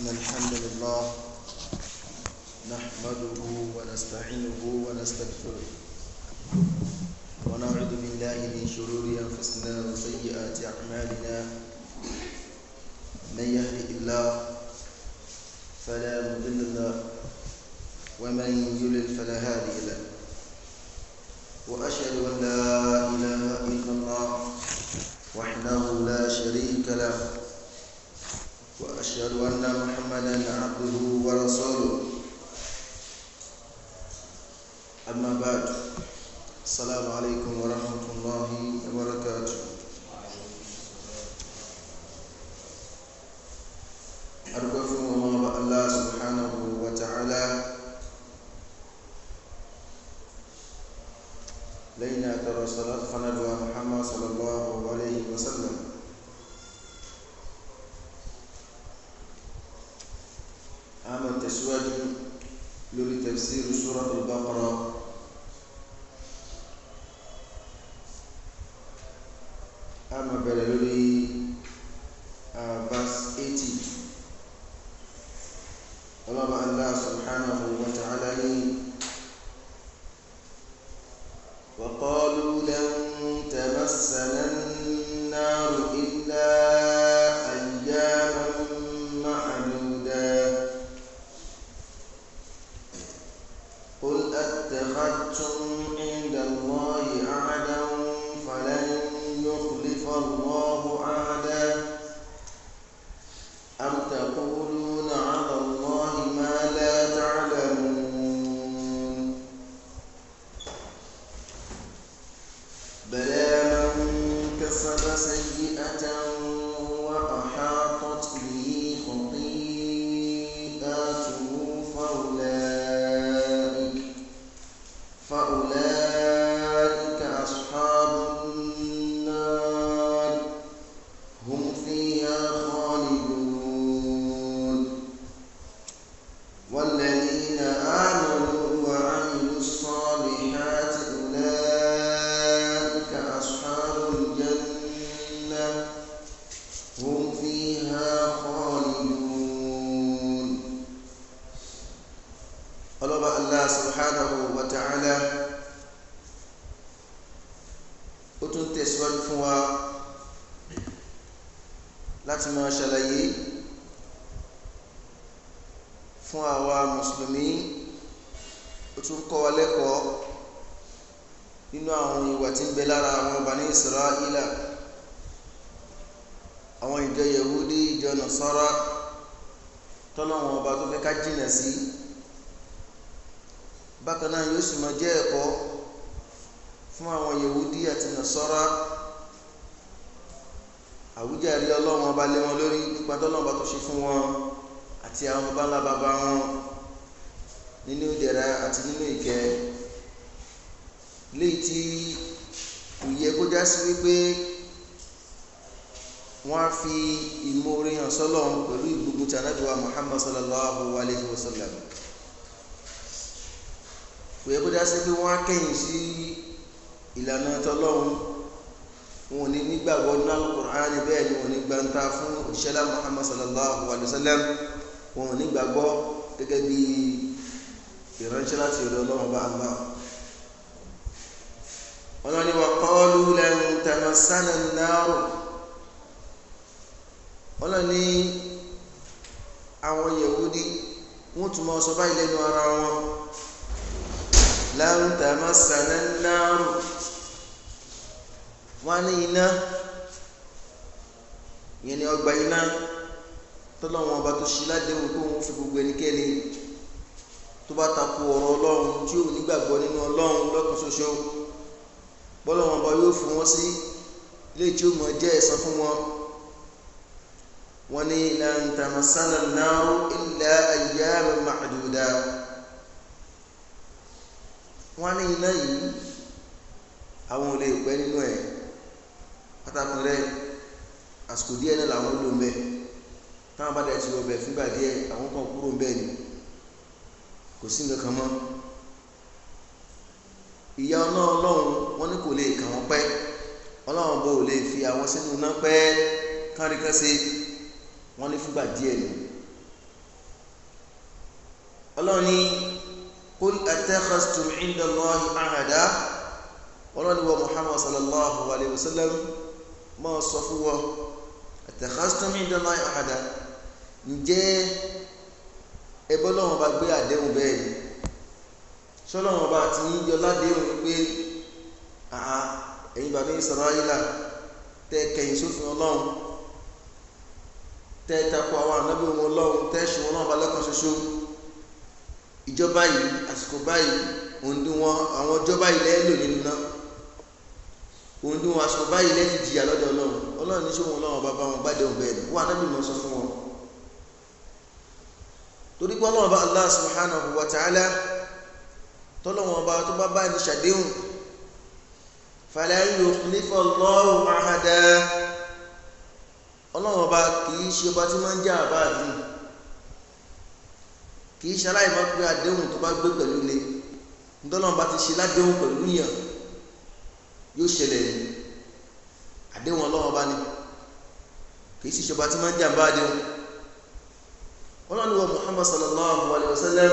إن الحمد لله نحمده ونستعينه ونستغفره ونعوذ بالله من شرور أنفسنا وسيئات أعمالنا من يهد الله فلا مضل له ومن يضلل فلا هادي له وأشهد أن لا إله إلا الله وحده لا شريك له وأشهد أن محمدا عبده ورسوله أما بعد السلام عليكم ورحمة الله وبركاته أرجوكم الله الله سبحانه وتعالى لينا ترى صلاة تفسير سورة البقرة Israel já sí wípé wọ́n á fi ìmoore hàn sọ́lọ́run pẹ̀lú ìgbógun ti anábìwá Muhammad sallallahu alayhi wa sallam kò yẹ kó já sí pé wọ́n á kẹ́yìn sí ìlànà tọ́lọ́run wọn ò ní nígbàgbọ́ nínú alukur'an bẹ́ẹ̀ ni wọn ò ní gbàǹtà fún òṣìṣẹ́lá Muhammad sallallahu alayhi wa sallam wọn ò ní gbàgbọ́ gẹ́gẹ́ bí ìránṣẹ́ láti ọ̀dọ̀ ọlọ́run bá ń bá wọn. ọlọ́run ní tẹ̀mẹ̀sánà náírà wọn lọ ní àwọn yẹ̀wúdí wọ́n tún máa sọ báyìí lẹ́nu ara wọn lan tamassana an-nar wọ́n á ní iná ìyẹn ni ọgbà iná tọ́lọ́wọ́n ọba tó ṣí ládéhùn pé òun fi gbogbo ẹnikẹ́ni tó bá takò ọ̀rọ̀ ọlọ́run tí òun nígbàgbọ́ nínú ọlọ́run lọ́kàn ṣoṣo bọ́lọ́wọ́n ọba yóò fún wọn sí léyìí tí ó mọ̀ jẹ́ ẹ̀san fún wọn wọn ni lan tamassana an-naru illa ayyaman ma'duda wọn ní iná yìí àwọn ò lè pẹ́ nínú ẹ̀ pátákó rẹ̀ àsìkò díẹ̀ náà làwọn lò mẹ́ táwọn bá dẹ̀ ti wọ̀ bẹ̀ fúngbà díẹ̀ àwọn kan kúrò ń ni kò sí nǹkan kan mọ́ ìyá ọlọ́run lọ́hùn wọn ní kò lè kà wọ́n pẹ́ ọlọ́run bò lè fi àwọn sínú iná pẹ́ kárìkásí wọn ní fúgbà díẹ̀ nù ọlọ́run ní kul atakhastum inda Allahi ahada ọlọ́run ní wọ Muhammad sallallahu alayhi wa sallam máa sọ fún wọn atakhastum inda Allahi ahada ǹjẹ́ ẹbọ́lọ́run bá gbé àdéhùn bẹ́ẹ̀ ni sọlọ́wọ́n ọba àti yíyọ ládéhùn ni pé ẹ̀yin bàbá ìsọ̀rọ̀ ayílà tẹ́ kẹ̀yìn sófin ọlọ́run tẹ́ takò àwọn ànábì wọn ọlọ́run tẹ́ ṣe wọn náà bá lọ́kàn ṣoṣo ìjọba yìí àsìkò báyìí òǹdíwọ̀n àwọn ìjọba yìí lẹ́yìn lò nínú náà òǹdíwọ̀n àsìkò báyìí lẹ́yìn jìyà lọ́dọ̀ ọlọ́run ọlọ́run ní sóhun ọlọ́run bàbá wọn gbàdé òun bẹ́ẹ̀ ni wọ́n ànábì mọ́ sọ fún wọn torí pé ọlọ́run bá Allah subhanahu wa ta'ala tọ́lọ́wọ́n ọba tó bá bá ní ṣàdéhùn fala yukhlifu Allahu ahada ọlọ́wọ́n ọba kìí ṣe ọba tí máa ń jẹ́ àbá àdúrà kìí ṣe aláìmọ́ pé àdéhùn tó bá gbé pẹ̀lú le ntọ́lọ́wọ́n ọba ti ṣe ládéhùn pẹ̀lú yàn yóò ṣẹlẹ̀ ní àdéhùn ọlọ́wọ́n ọba ni kìí ṣe ọba tí máa ń jẹ́ àbá àdéhùn ọlọ́wọ́n Muhammad sallallahu alayhi wa sallam.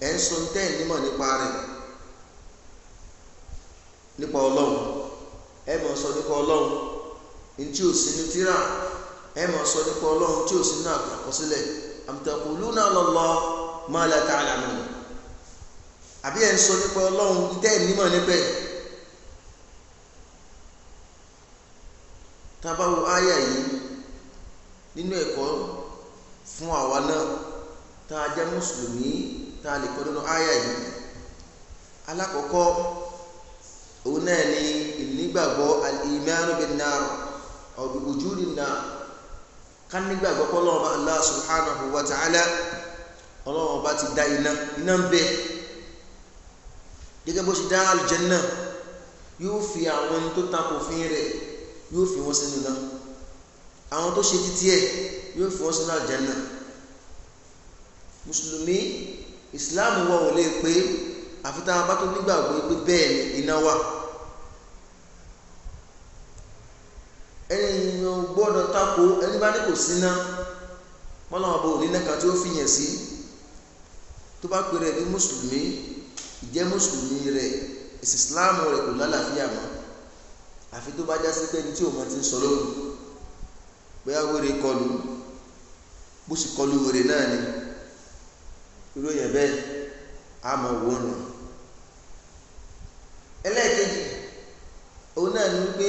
ẹ̀ ntẹ sọ tẹ́ ẹ̀ nipa nípa rẹ̀ sọ nípa ọlọ́run ntí ò sí ní tíra sọ nípa na tí ò sí ní àkọsílẹ̀ ta àlànà àbí ẹ̀ ń sọ nípa ọlọ́run yìí nínú fún àwa náà tá a tá a lè kọ́ nínú àyà yìí alákọ̀ọ́kọ́ òun náà ni ìnígbàgbọ́ al-imanu bin-nar aw bi wujudin-nar ká nígbàgbọ́ pé Ọlọ́run bá Allah subhanahu wa ta'ala Ọlọ́run bá ti dá iná iná ń bẹ gẹ́gẹ́ bó ṣe dá aljanna yóò fi àwọn ẹni tó tako òfin rẹ̀ yóò fi wọ́n sínú náà àwọn tó ṣe títí ẹ̀ yóò fi wọ́n sínú aljanna mùsùlùmí islam wa ò lè pé àfi táwọn bá tó nígbàgbọ́ pé bẹ́ẹ̀ ni iná wà ẹnìyàn gbọ́dọ̀ tako ẹni bá ní kò síná mọ́lọ́wọ́ bò ní nẹ́ka tí ó fìyàn sí tó bá pè rẹ̀ ní mùsùlùmí ìjẹ́ mùsùlùmí rẹ̀ èsì islámù rẹ̀ kò lálàáfíà mọ́ àfi tó bá já sí pé ní tí òun ti ń sọ lóru bóyá wèrè kọlù bó sì kọlù wèrè náà ni irú yẹn bẹ́ẹ̀ á mọ owó nù. ẹlẹ́ẹ̀kejì òun náà ní pé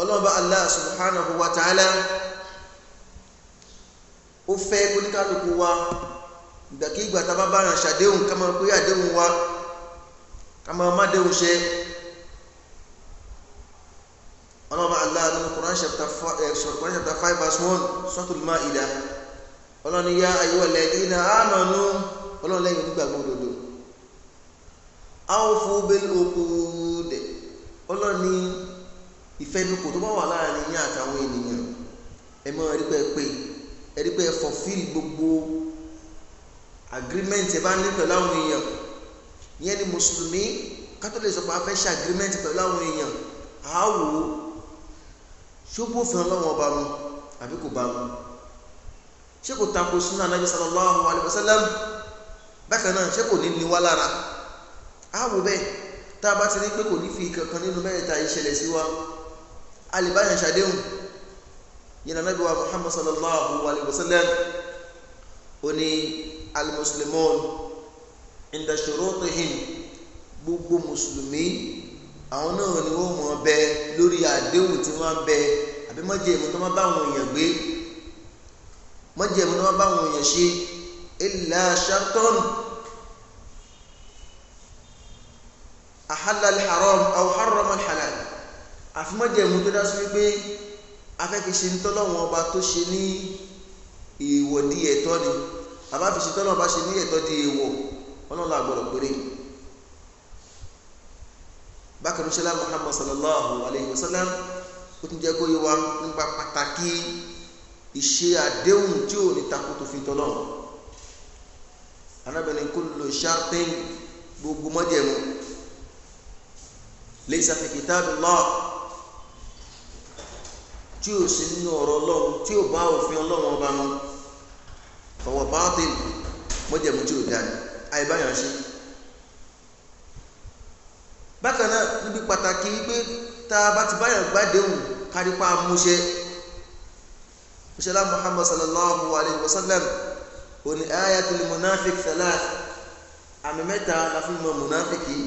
ọlọ́ba Allah subhanahu wa ta'ala ó fẹ́ kóníkálukú wa ìgbàkigbà tá a bá bára ṣàdéhùn ká máa pé àdéhùn wa ká máa má déhùn ṣe ọlọ́ba Allah nínú Quran eh, five verse one Suratul Ma'idah ọlọ́ni yá ayéwọ̀lẹ̀ iná ànánú ọlọ́ni lẹ́yìn onígbàgbọ́ òdodo áwòfó bẹ́ẹ̀ oko dẹ̀ ọlọ́ni ìfẹ́nukò tó bá wà láàrin yín àtàwọn ènìyàn ẹ mọ ẹrí pé pé ẹrí pé gbogbo agreement ẹ bá ní pẹ̀lú àwọn èèyàn yẹn ni mùsùlùmí kátólì sọ pé a fẹ́ ṣe agreement pẹ̀lú àwọn èèyàn àá ṣó bófin ọlọ́wọ́n bá mu àbí kò bá mu ṣé kò tako sunnah anabi sallallahu alayhi wa sallam bákan náà ṣé kò ní ní wá lára àwò bẹ́ẹ̀ tá a bá ti rí pé kò ní fi kankan nínú mẹ́ta ìṣẹ̀lẹ̀ sí wa alìbáyàn ṣàdéhùn yìí nànàbí wa muhammad sallallahu alayhi wa sallam ó ní alimuslimun inda gbogbo mùsùlùmí àwọn náà ni wọ́n mọ̀ bẹ lórí àdéhùn tí wọ́n bẹ àbí májẹ̀mú tó má èèyàn gbé mọ́jẹ̀mú ni wọ́n bá wọn yẹn ṣe illa sharton ahalla al-haram aw harrama al-halal àfi mọ́jẹ̀mú tó dá sí wípé afẹ́kẹ́ṣe ń tọ́lọ́wọ́n ọba tó ṣe ní èèwọ̀ di ẹ̀tọ́ ni bàbá fi ṣe tọ́lọ́wọ́n ọba ṣe ní ẹ̀tọ́ di èèwọ̀ ọlọ́lá gbọ́dọ̀ péré bákan ṣẹlá Muhammad sallallahu alayhi wa sallam ó tún jẹ́ kó yé wa nípa pàtàkì ìṣe àdéhùn tí ò ní takò tó fi tọ́lọ́ anábẹ́ni kullu shartin gbogbo mọ́jẹ̀mú laysa fi kitabillah tí ò sí nínú ọ̀rọ̀ ọlọ́run tí ò bá òfin ọlọ́run ọba wọn fọwọ́ báàtì mọ́jẹ̀mú tí ò dání àìbáyọ̀ ṣe bákan náà níbi pàtàkì wípé tá a bá ti báyọ̀ gbádẹ́hùn kárípá múṣẹ́ òṣèlá muhammad sallallahu alayhi wa sallam òní ayatul munafik thalath àmì mẹ́ta la fi mọ̀ munafiki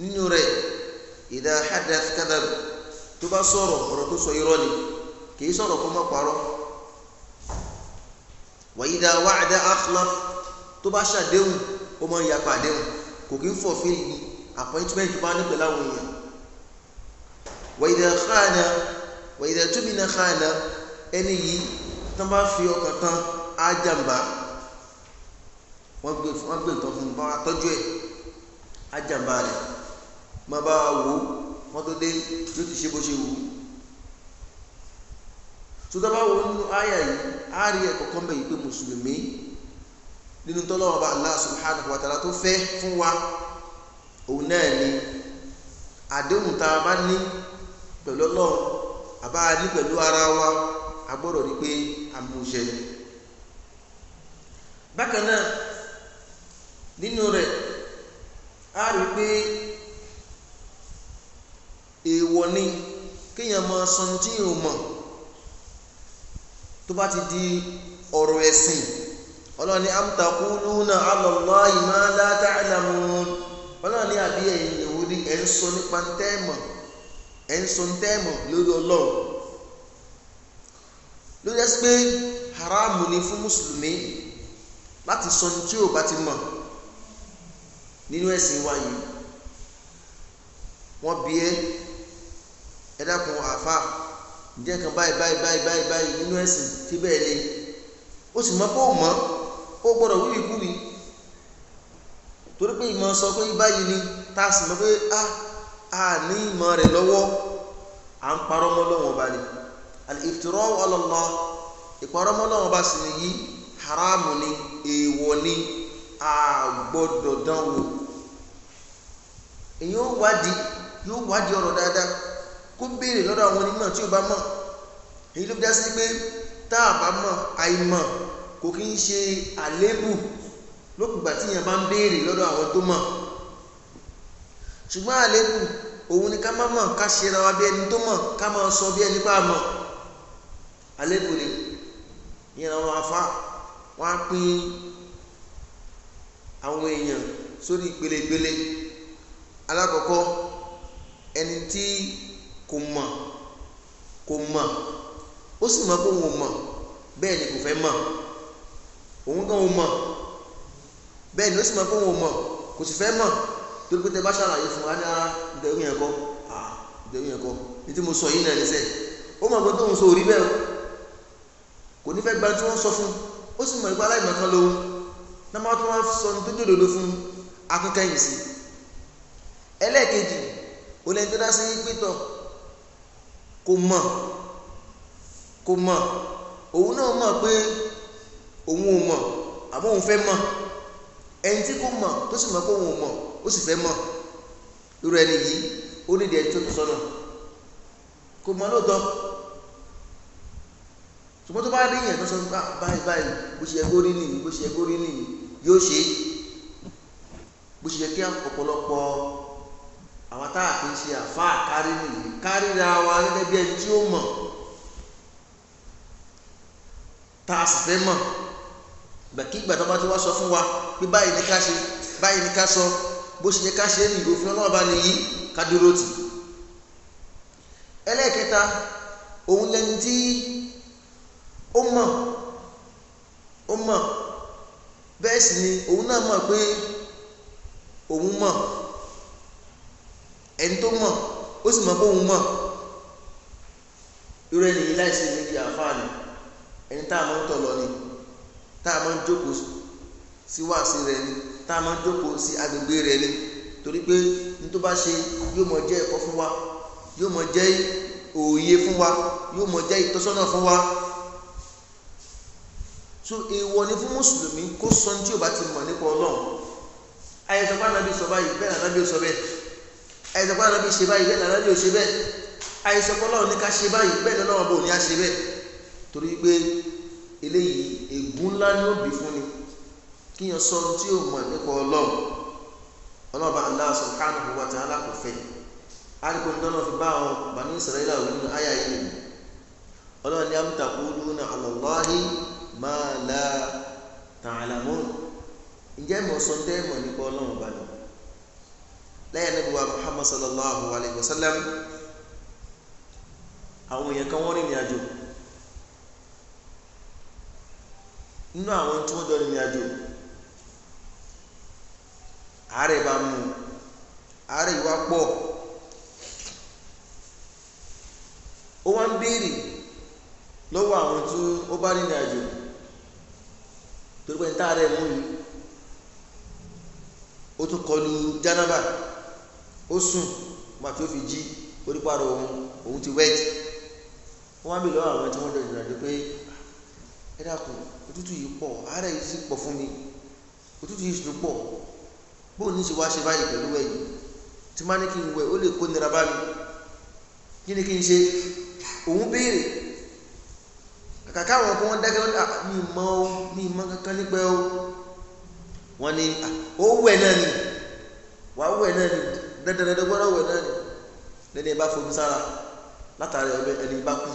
nínú rẹ̀ idha hadath kadhab tó bá sọ̀rọ̀ ọ̀rọ̀ tó sọ irọ́ ni kìí sọ̀rọ̀ kó má parọ́ wa idha wa'ada akhlaf tó bá ṣàdéhùn ó máa ń yapa àdéhùn kò kí ń fọ̀fin appointment bá ní pẹ̀lú àwọn wa idha khana wa idha tumina khana ẹni yìí tán bá fi ọkàn tán á jàǹbá wọ́n gbé wọ́n gbé nǹkan fún un bá wa tọ́jú ẹ̀ á jàǹbá rẹ̀ má bá wò ó wọ́n tó dé yóò ti ṣe bó ṣe wò ó sotaba wo nínú aya yìí a rí ẹ̀kọ́ kan bẹ́ẹ̀ yìí pé mùsùlùmí nínú tọ́lọ́wọ́ bá Allah subhanahu wa ta'ala tó fẹ́ fún wa òun náà ni àdéhùn tá a bá ní pẹ̀lú ọlọ́run àbá a ní pẹ̀lú ara wa a gbọ́dọ̀ rí pé amúṣẹ bákan náà nínú rẹ̀ a rí pé èèwọ̀ ni kéèyàn máa san tí ò mọ̀ tó bá ti di ọ̀rọ̀ ẹ̀sìn ọlọ́ni amtakuluna ala Allahi ma la ta'lamun ọlọ́ni àbí ẹ̀yin ìwúrí ẹ̀ ń sọ nípa ntẹ́ẹ̀mọ̀ ẹ̀ ń sọ ntẹ́ẹ̀mọ̀ lórí ọlọ́run ló jẹ́ sí pé haramu ni fún mùsùlùmí láti sọ ní tí ò bá ti mọ̀ nínú ẹ̀sìn wa yìí wọ́n bí ẹ́ ẹ dákun àfa ǹjẹ́ kan báyìí báyìí báyìí báyìí báyìí nínú ẹ̀sìn tí bẹ́ẹ̀ le ó sì mọ̀ pé ó mọ̀ ó gbọ́dọ̀ wíwì kúwì torí pé ìmọ̀ sọ pé báyìí ni tá a sì mọ̀ pé ah, a ní ìmọ̀ rẹ̀ lọ́wọ́ à ń parọ́ mọ́ lọ́wọ́ ọba al-iftira ala Allah ìparọ́mọ́lọ́wọ́ bá sì ní yí haramu ni èèwọ̀ ni a gbọ́dọ̀ dán wò èyí ó wádìí yóò wádìí ọ̀rọ̀ dáadáa kó béèrè lọ́dọ̀ àwọn onímọ̀ tí ò bá mọ̀ èyí ló dá sí pé tá a bá mọ̀ àìmọ̀ kò kí ń ṣe àléébù lókùgbà tí èèyàn bá ń béèrè lọ́dọ̀ àwọn tó mọ̀ ṣùgbọ́n àléébù òun ni ká má mọ̀ ká ṣe ra wa bí ẹni tó mọ̀ ká máa sọ bí ẹni bá mọ̀ àlébù ni ìyẹn àwọn wọn á àwọn èèyàn sórí ìpele-ìpele ẹni tí kò mọ̀ kò mọ̀ ó sì mọ̀ pé òun ò mọ̀ ni kò fẹ́ mọ̀ òun gan ò mọ̀ bẹ́ẹ̀ ni ó sì mọ̀ pé òun ò mọ̀ kò sì fẹ́ mọ̀ torí pé tẹ bá ṣàlàyé fún wa ní ara ìdẹ̀rù yẹn kọ́ ìdẹ̀rù yẹn kọ́ ní tí mo sọ yìí náà ní sẹ́ẹ̀ ó mọ̀ pé tóun sọ orí bẹ́ẹ̀ o kò ní fẹ́ gba tí wọ́n sọ fún ó sì mọ̀ nípa aláìmọ̀ kan lówó náà máa tún wá sọ ní tó jòdòdó fún akínkẹ́yìn sí ẹlẹ́ẹ̀kejì olóyìn tó dá sí pétọ̀ kò mọ̀ kò mọ̀ òun náà mọ̀ pé òun ò mọ̀ àmọ́ òun fẹ́ mọ̀ ẹni tí kò mọ̀ tó sì mọ̀ pé òun ò mọ̀ ó sì fẹ́ mọ̀ irú ẹni yìí ó nídìí ẹni tó tún sọnà kò mọ̀ lóòótọ́ ṣùgbọ́n tó bá rí yẹn tó sọ ah, báyìí báyìí bó ṣe yẹ kó rí nìyí bó ṣe yẹ kó rí nìyí yóò ṣe é bó ṣe yẹ kí ọ̀pọ̀lọpọ̀ àwọn táà kì í ṣe àfa kárí nìyí kárí ra wa gẹ́gẹ́ bí ẹni tí ó mọ̀ tá a sì fẹ́ mọ̀ gbàkígbà tó bá ti wá sọ fún wa pé báyìí ni ká ṣe báyìí ni ká sọ bó ṣe yẹ ká ṣe nìyí òfin ọlọ́run nìyí ká dúró tì ẹlẹ́ẹ̀kẹta òun lẹni tí. ó mọ̀ ó mọ̀ bẹ́ẹ̀ sì ni òun náà mọ̀ pé òun mọ̀ ẹni tó mọ̀ ó sì mọ̀ pé òun mọ̀ irú ẹni yìí láìsí méjì àǹfààní ẹni tá a máa ń tọ̀ lọ ni tá a máa ń jókòó sí wáàsí rẹ ni tá a máa ń jókòó sí agbègbè rẹ ni torí pé ní tó bá ṣe yóò mọ jẹ́ ẹ̀kọ́ fún wa yóò mọ jẹ́ so èèwọ̀ ni fún mùsùlùmí kó sọ tí o bá ti mọ̀ nípa ọlọ́run àyẹ̀sọ̀pá nàbí sọ báyìí bẹ́ẹ̀ nàbí ò sọ bẹ́ẹ̀ àyẹ̀sọ̀pá nàbí ṣe báyìí bẹ́ẹ̀ nàbí ò ṣe bẹ́ẹ̀ àyẹ̀sọ̀pá ọlọ́run ní ká ṣe báyìí bẹ́ẹ̀ ni ọlọ́run bò ní á ṣe bẹ́ẹ̀ torí pé eléyìí ègún ńlá ni ó bì fún ni kíyàn sọ tí o mọ̀ nípa ọlọ́run ọlọ́run bá Allah subhanahu wa ta'ala kò fẹ́ àdìgbò ní ọlọ́run fi bá àwọn bàní Israẹli àwọn ọlọ́run ní amtakulu na alọ́láhi máa la ta'lamun ǹjẹ́ mọ̀ sọ nípa ọlọ́run bá lọ lẹ́yìn náà wà Muhammad sallallahu alayhi wa sallam àwọn èèyàn kan wọ́n rìnrìn àjò nínú àwọn tí wọ́n jọ rìnrìn àjò àárẹ̀ bá mú àárẹ̀ ìwà pọ̀ ó wá ń torí pé níta rẹ̀ mú yìí ó tún kọlu jánábà ó sùn gbà tí ó fi jí oríparò òun òun ti wẹ́ẹ̀tì wọ́n á bè lọ́wọ́ àwọn tí wọ́n dọ̀ ìrìnàjò pé ah, ẹ dákun òtútù yìí pọ̀ àárẹ̀ yìí sì pọ̀ fún mi òtútù yìí sì tún pọ̀ bóun ní í ṣe wá ṣe báyìí pẹ̀lú ẹ̀yìn tí má ní kí n wẹ̀ ó lè kó nira bá mi kí ni kí n ṣe òun béèrè kàkà àwọn ọkọ wọn dákẹ́ wọn ah, mi mọ o mi mọ kankan nípa o wọn ni ah, ó wẹ̀ náà ni wà á wẹ̀ náà ni dandandandan gbọ́dọ̀ wẹ̀ náà ni lẹ́ni bá fomi sára látàrí ọbẹ̀ ẹni bá kú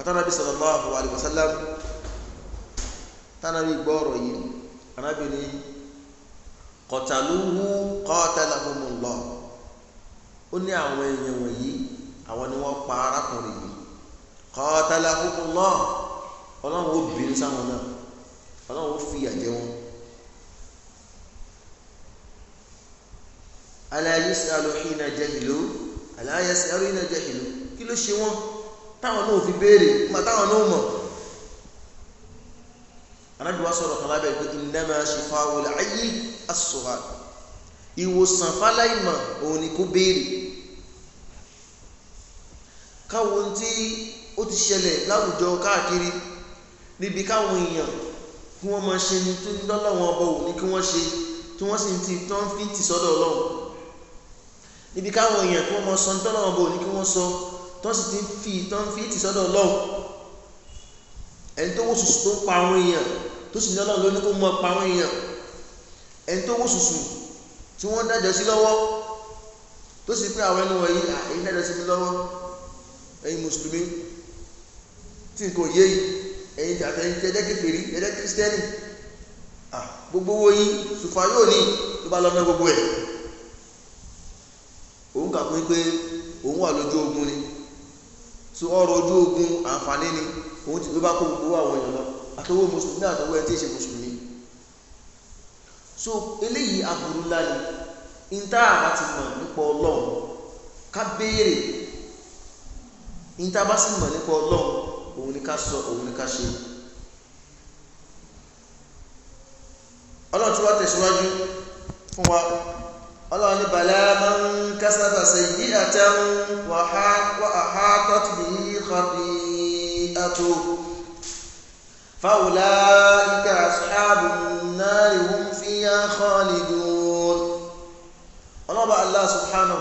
àtànàbí sallallahu alaihi wasallam tànàbí gbọ́ ọ̀rọ̀ yìí arábìnrin qataluhu qatalahumullah ó ní àwọn èèyàn wọ̀nyí àwọn ni wọ́n pa arákùnrin yìí kọ́tàlá kúkú lọ ọlọ́run ó bínú sáwọn náà ọlọ́run ó fi àjẹ wọn. aláyé sàlù hìnà jẹ ìlú aláyé sàlù hìnà jẹ ìlú kí ló ṣe wọn táwọn náà fi béèrè nígbà táwọn náà mọ̀. anábìwá sọ̀rọ̀ kan lábẹ́ pé ìnáma ṣe fa ayé asọ̀rọ̀ ìwòsàn fáláìmọ̀ òun ni kò béèrè káwọn tí ó ti ṣẹlẹ̀ láwùjọ káàkiri níbi káwọn èèyàn kí wọ́n máa ṣe ni tó ń dọ́lọ́wọ́n ọbọ̀ wò ní kí wọ́n ṣe tí wọ́n sì ti tán fi tì sọ́dọ̀ ọlọ́run níbi káwọn èèyàn kí wọ́n máa sọ dọ́lọ́wọ́n ọbọ̀ wò ní kí wọ́n sọ tán sì ti fi tán fi tì sọ́dọ̀ ọlọ́run ẹni tó wò sùsù tó ń pa àwọn èèyàn tó sì ní ọlọ́run ló kó mọ pa àwọn èèyàn ẹni tó wò sùsù tí wọ́n dájọ́ sí lọ́wọ́ tó sì pé àwọn ẹni wọ̀nyí à dájọ́ sí mi lọ́wọ́ ẹ̀yin mùsùlùmí tí nǹkan ò yé yìí ẹ̀yin tàbí jẹjẹ kékeré jẹjẹ kírísítẹ́nì gbogbo owó yìí sùfà yóò ní ló bá lọ́nà gbogbo ẹ̀ òun kà pé pé òun wà lójú ogun ni so ọrọ̀ ojú ogun àǹfààní ni òun ti ló bá kó gbogbo àwọn èèyàn lọ àtọwọ́ mùsùlùmí àtọwọ́ ẹ tí ì ṣe mùsùlùmí so eléyìí aburú ńlá ni níta àbá ti mọ̀ nípa ọlọ́run ká béèrè níta bá sì mọ̀ nípa ọlọ́run òun ni ká sọ òun ni ká ṣe ọlọ́run tí wọ́n tẹ̀síwájú fún wa ọlọ́run ní bala man kasaba sayyi'atan wa ahatat bihi khati'atu fa ulaika ashabun nari hum fiha khalidun ọlọ́run bá Allah subhanahu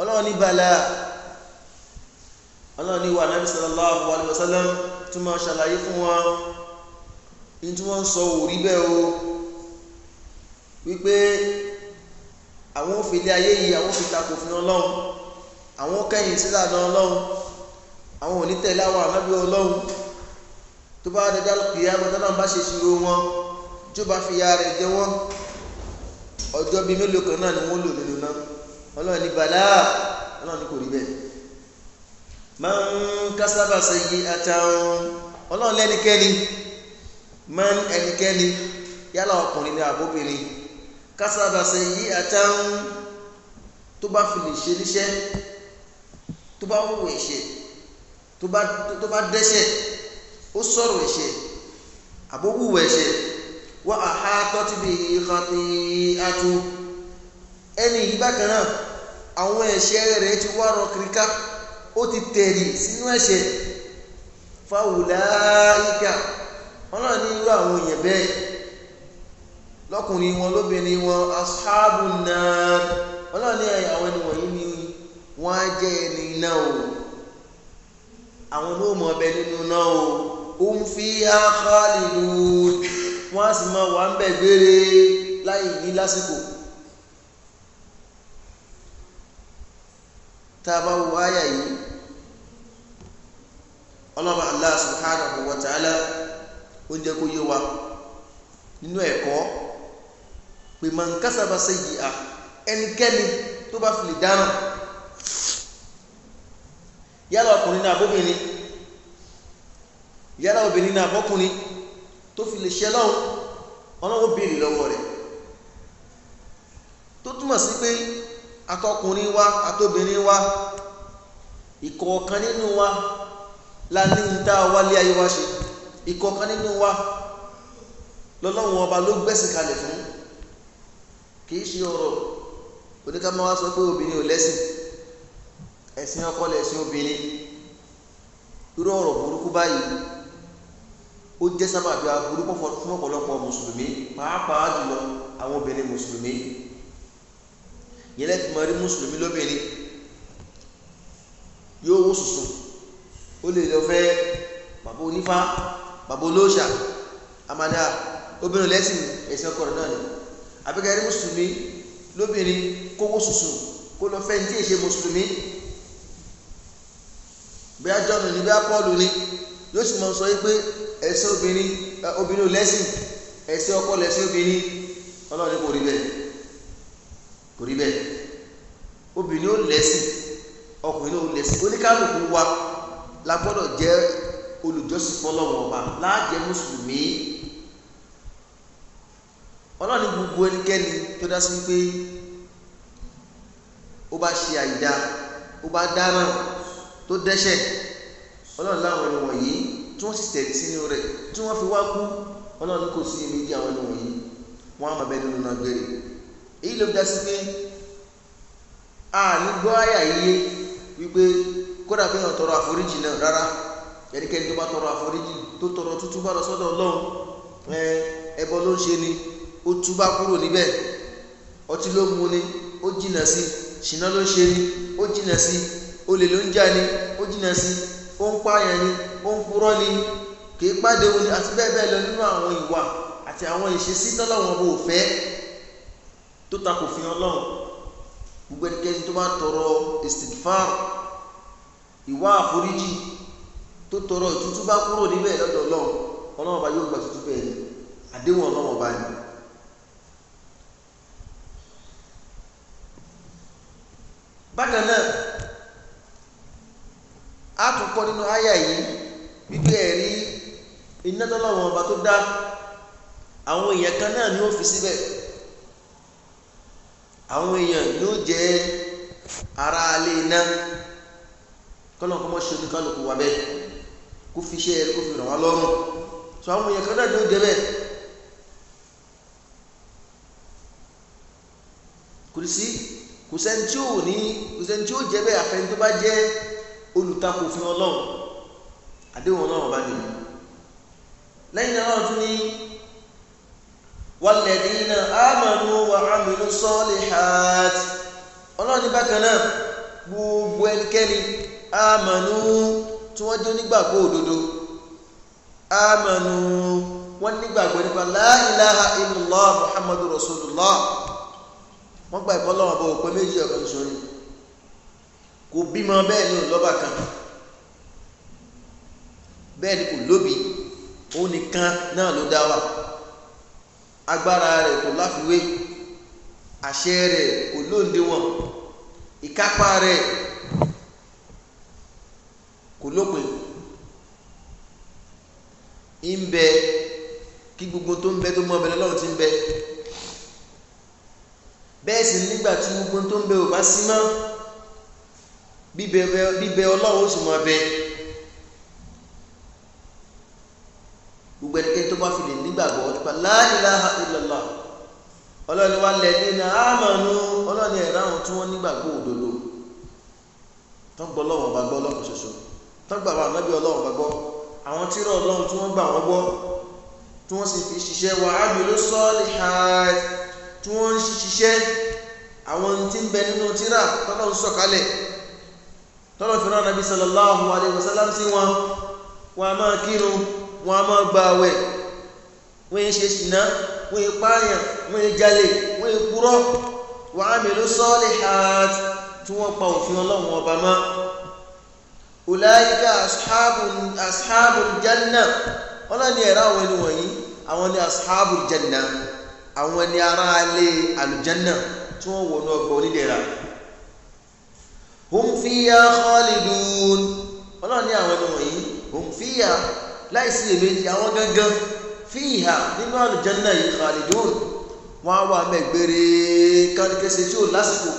ọlọ́run ní bala ọlọ́run ní ìwà anábì sallallahu alayhi wa sallam tún máa ṣàlàyé fún wa ní tí wọ́n ń sọ òrí bẹ́ẹ̀ o wípé àwọn òfìlẹ̀ ayé yìí àwọn òfìta kò fi ọlọ́run àwọn kẹ́yìn sílànà ọlọ́run àwọn onítẹ̀lé àwọn ànábì ọlọ́run tó bá dẹjọ́ kìí agbọ́dọ́ náà bá ṣe ṣírò wọn tí ó bá fi ya rẹ̀ jẹ wọ́n ọjọ́ bíi mélòó kan náà ni wọ́n lò nínú náà ọlọ́run ní balá ọlọ́run ní kò rí bẹ́ẹ̀ man kasaba sẹ́yìn àtàwọn ọlọ́run lẹ́nikẹ́ni man ẹnikẹ́ni yálà ọkùnrin ní àbóbìnrin kásábà sẹ́yìn àtàwọn tó bá fi lè ṣe níṣẹ́ tó bá wúwo ẹ̀ṣẹ̀ tó bá dẹ́ṣẹ̀ ó sọ̀rọ̀ ẹ̀ṣẹ̀ àbówúwo ẹ̀ṣẹ̀ wọ́n àhá tọ́tí bíi xatí atu ẹni yìí bákan náà àwọn ẹ̀ṣẹ̀ rẹ̀ ti wá rọ kiri ó ti tẹ̀rì sínú ẹ̀ṣẹ̀ fáwùláìkà ọlọ́run ní irú àwọn èèyàn bẹ́ẹ̀ lọ́kùnrin wọn lóbìnrin wọn asáàbù náà ọlọ́run ní àwọn ẹni wọ̀nyí ni wọ́n á jẹ́ ẹni náà o àwọn ló mọ̀ ọbẹ̀ nínú náà o ó ń fi ákàlìlú wọ́n á sì máa wà ń bẹ̀ gbére láì ní lásìkò. tá a bá wo àyà yìí ọlọ́ba allah subhanahu wa ta'ala ó jẹ́ yé wa nínú ẹ̀kọ́ pé ma kasaba sayyi'a ẹnikẹ́ni tó bá fi lè dáná yálà ọkùnrin náà abóbìnrin yálà obìnrin náà abọ́kùnrin tó fi lè ṣe lọ́hùn ọlọ́wọ́ béèrè lọ́wọ́ rẹ̀ tó túmọ̀ sí wa la ní ń dá wálé ayé wa ṣe ìkọ̀ọ̀kan nínú wa lọ́lọ́run ọba ló gbẹ̀sìn kalẹ̀ fún kì í ṣe ọ̀rọ̀ oníkàmọ́ wa sọ pé obìnrin ò lẹ́sìn ẹ̀sìn ọkọ lẹ̀sìn obìnrin irú ọ̀rọ̀ burúkú báyìí ó jẹ́ sábàbí aburú fún ọ̀pọ̀lọpọ̀ mùsùlùmí pàápàá jùlọ àwọn obìnrin mùsùlùmí yẹlẹ́tìmọ̀ rí mùsùlùmí lóbìnrin yóò wó sùsùn ó lè lọ fẹ́ bàbá onífá bàbá olóòṣà amada obìnrin lẹ́sìn ẹ̀sìn ọkọ rẹ̀ náà ni àbíkẹ́rẹ́ mùsùlùmí lóbìnrin kówó sùsù kó lọ fẹ́ ní tí èṣe mùsùlùmí bóyá jọ́nù ni bóyá pọ́ọ̀lù ni yóò sì mọ sọ pé ẹ̀sìn obìnrin obìnrin ò lẹ́sìn ẹ̀sìn ọkọ lẹ́sìn obìnrin ọlọ́run kò rí bẹ́ẹ̀ kò rí bẹ́ẹ̀ obìnrin ò lẹ́sìn ọkùnrin ò lẹ́sìn oníkálùkù wa la gbọ́dọ̀ jẹ́ olùjọ́sìn fọlọ́wọ́n ọba láàjẹ́ mùsùlùmí ọlọ́ọ̀ni gbogbo ẹnikẹ́ni tó dá sí pé ó bá ṣe àìdá ó bá dáná tó dẹ́ṣẹ̀ ọlọ́run láwọn ẹni wọ̀nyí tí wọ́n sì tẹ̀lé sínú rẹ̀ tí wọ́n fi wá kú ọlọ́run kò sí méjì àwọn ẹni wọ̀nyí wọ́n á máa bẹ nínú náà gbére èyí ló dá sí pé a ní gbọ́ àyà yíyé wípé kódà kí èèyàn tọrọ àforíjì náà rárá ẹnikẹ́ni tó bá tọrọ àforíjì tó tọrọ tútú bá lọ sọ́dọ̀ ọlọ́run ẹbọ ló ń ṣe ni ó túbá kúrò níbẹ̀ ọtí ló mu ni ó jìnà sí ṣìnà ló ń ṣe ni ó jìnà sí olè ló ń jà ni ó jìnà sí ó ń pààyàn ni ó ń purọ́ ni kì í pàdé wo àti bẹ́ẹ̀ bẹ́ẹ̀ lọ nínú àwọn ìwà àti àwọn ìṣesí tọ́lọ́wọ́n bò fẹ́ tó ta fi hàn lọ́hùn gbogbo ẹnikẹ́ni tó bá tọrọ istighfar iwa àforíjì tó tọrọ tútú bá kúrò níbẹ̀ lọ́dọ̀ ọlọ́run ọlọ́run ọba yóò gba tútú bẹ́ẹ̀ ni àdéhùn ọlọ́run ọba ni. bákan náà a tún kọ́ nínú àyà yìí wípé ẹ̀rí iná ọba tó dá àwọn èèyàn kan náà ni ó fi síbẹ̀ àwọn èèyàn ló ara alẹ́ kọ́lọ́n kọ́ mọ́ ṣe ní kálukú wa bẹ́ẹ̀ kó fi ṣe ẹ̀rí kó fi ràn wá lọ́rùn sọ àwọn èèyàn kan dàbí ó jẹ bẹ́ẹ̀ kò sí kò sẹ́ni tí ò ní kò sẹ́ni tí ò jẹ bẹ́ẹ̀ àfẹ́ni bá jẹ́ olùtakò fún ọlọ́run àdéhùn ọlọ́run bá nìyí lẹ́yìn náà wọ́n tún ní walladhina amanu wa amilu salihati ọlọ́run ní bákan náà gbogbo ẹnikẹ́ni amanu tí wọ́n jẹ́ onígbàgbọ́ òdodo amanu wọ́n nígbàgbọ́ nípa la ilaha illallah muhammadu rasulullah wọ́n gba ìbọn lọ́wọ́ bọ̀ òpin méjì ọ̀kan sórí kò bímọ bẹ́ẹ̀ ni lọ́ba kan bẹ́ẹ̀ ni kò lóbi òun nìkan náà ló dá wà agbára rẹ̀ kò láfiwé àṣẹ rẹ̀ kò lóǹdéwọ̀n ìkápá rẹ̀ kò lópin ń bẹ kí gbogbo tó ń bẹ tó mọ ọbẹ lọ́wọ́ ti ń bẹ bẹ́ẹ̀ sì nígbà tí gbogbo tó ń bẹ ò bá sí mọ́ bíbẹ ọlọ́wọ́ ó sì mọ ọbẹ gbogbo ẹnikẹ́ni tó bá fi lè nígbàgbọ́ nípa la ilaha illallah ọlọ́ni wa lẹ̀ ní na ámànú ọlọ́ni ẹ̀rọ tí wọ́n nígbàgbọ́ òdodo tó ń gbọ́ lọ́wọ́ bá gbọ́ lọ́kọ̀ ṣoṣo tán gbà wọn ànábì ọlọ́run gbàgbọ́ àwọn tírà ọlọ́run tí wọ́n gbà wọ́n gbọ́ tí wọ́n sì fi ṣiṣẹ́ wà á bí ló sọ́ọ̀lì hàd tí wọ́n ń ṣiṣẹ́ àwọn tí ń bẹ nínú tírà tọ́lọ́ ń sọ̀kalẹ̀ tọ́lọ́ fi rán ànábì sallallahu alaihi wasallam sí wọn wọn a máa kírun wọn a máa gba àwẹ̀ wọn ń e ṣe ṣìnà wọn ń e pààyàn wọn ń e jalè wọn ń purọ́ wà á bí ló sọ́ọ̀lì hàd tí wọ́n pa òfin ọlọ́run ọba ulaika ashabul ashabul janna wọ́n náà ní ẹ̀rọ àwọn ẹni wọ̀nyí àwọn ni ashabul janna àwọn ni aráalé àlùjánà tí wọ́n wọnú ọgbà onídẹ̀ra hum fiya khalidun wọ́n náà ní àwọn ẹni wọ̀nyí hum fiya láìsí èméjì àwọn gangan fíìhà nínú àlùjánà yìí khalidun wọ́n á wà mẹ́gbẹ̀rẹ̀ kánikẹ́sẹ̀ tí ò lásìkò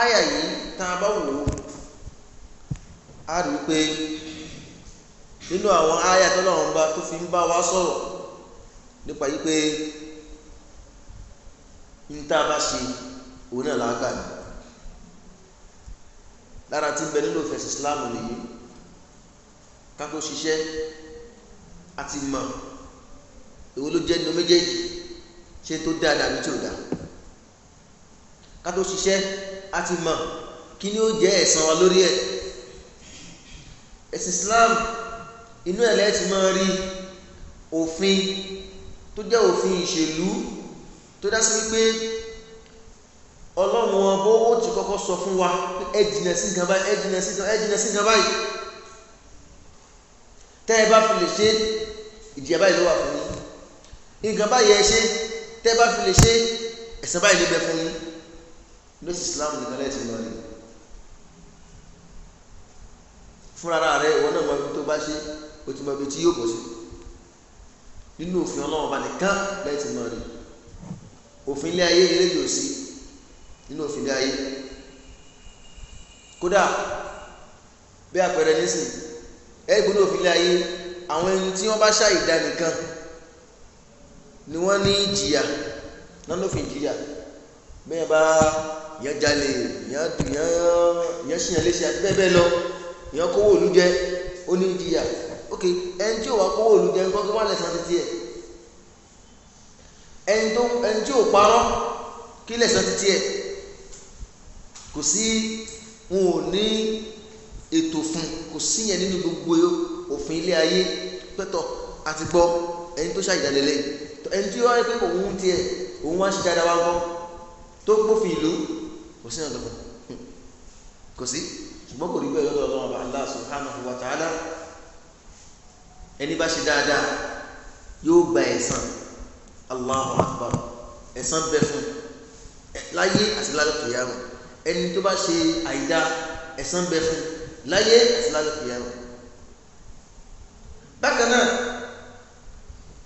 àyà yìí tá a bá wò ó a rí i pé nínú àwọn àyà tó náà ń bá tó fi ń bá wa sọ̀rọ̀ nípa yìí pé ń tá a bá ṣe òun náà làákà ní lára tí ń bẹ nínú òfin ìsìláàmù nìyí ká ṣiṣẹ́ àti mọ̀ èwo ló jẹ́ nínú méjèèjì ṣé tó dáadáa ní tí ò dáa ká ṣiṣẹ́ a ti mọ̀ kí ni ó jẹ́ ẹ̀san wa lórí ẹ̀ ẹ̀sìn Islam inú ẹ̀ lẹ́ẹ̀tì máa rí òfin tó jẹ́ òfin ìṣèlú tó dá sí wípé ọlọ́run ọbọ ó ti kọ́kọ́ sọ fún wa ẹ jìnà sí nǹkan báyìí ẹ jìnà sí nǹkan ẹ jìnà sí nǹkan báyìí tẹ́ ẹ bá fi lè ṣe ìjìyà báyìí ló wà fún yín nǹkan báyìí ẹ ṣe tẹ́ ẹ bá fi lè ṣe ẹ̀san báyìí ló bẹ fún yín lóṣù islam nìkan lẹ́yìn tí lọ rí fúnra rẹ ìwọ náà mọ ibi tó bá ṣe o ti mọ ibi tí yóò bọ̀ sí nínú òfin ọlọ́run ọba nìkan lẹ́yìn tí lọ rí òfin ilé ayé eléyìí ò sí nínú òfin ilé ayé kódà bí àpẹẹrẹ nísìn ẹ gbọ́dọ̀ òfin ilé ayé àwọn ẹni tí wọ́n bá ṣàìdá nìkan ni wọ́n ní ìjìyà lọ́nà òfin ìjìyà bẹ́ẹ̀ bá ìyẹn jalè ìyẹn ìyẹn ìyẹn ṣìyàn léṣe àti bẹ́ẹ̀ bẹ́ẹ̀ lọ ìyẹn kówó òlu jẹ ó ní ìdíyà ok ẹni tí ò wá kówó òlu jẹ nǹkan kí wọ́n lẹ̀ sàn títí ẹ̀ ẹni tó ẹni tí ò parọ́ kí lẹ̀ sàn títí ẹ̀ kò sí n ò ní ètò fún kò sí yẹn nínú gbogbo òfin ilé ayé pẹ́tọ̀ àti gbọ́ ẹni tó ṣàjàlélẹ̀ ẹni tí wọ́n rí pé òun tiẹ̀ òun wá ṣe dáadáa wá gbọ́ tó gbófin ìlú kò sí ọ̀dọ̀ kò sí ṣùgbọ́n kò rí bẹ́ẹ̀ lọ́dọ̀ ọlọ́run ọba Allah subhanahu wa ta'ala ẹni bá ṣe dáadáa yóò gba ẹ̀san Allahu akbar ẹ̀san bẹ fún láyé àti lálẹ́ kìyàmù ẹni tó bá ṣe àìdá ẹ̀san bẹ fún láyé àti lálẹ́ kìyàmù. bákan náà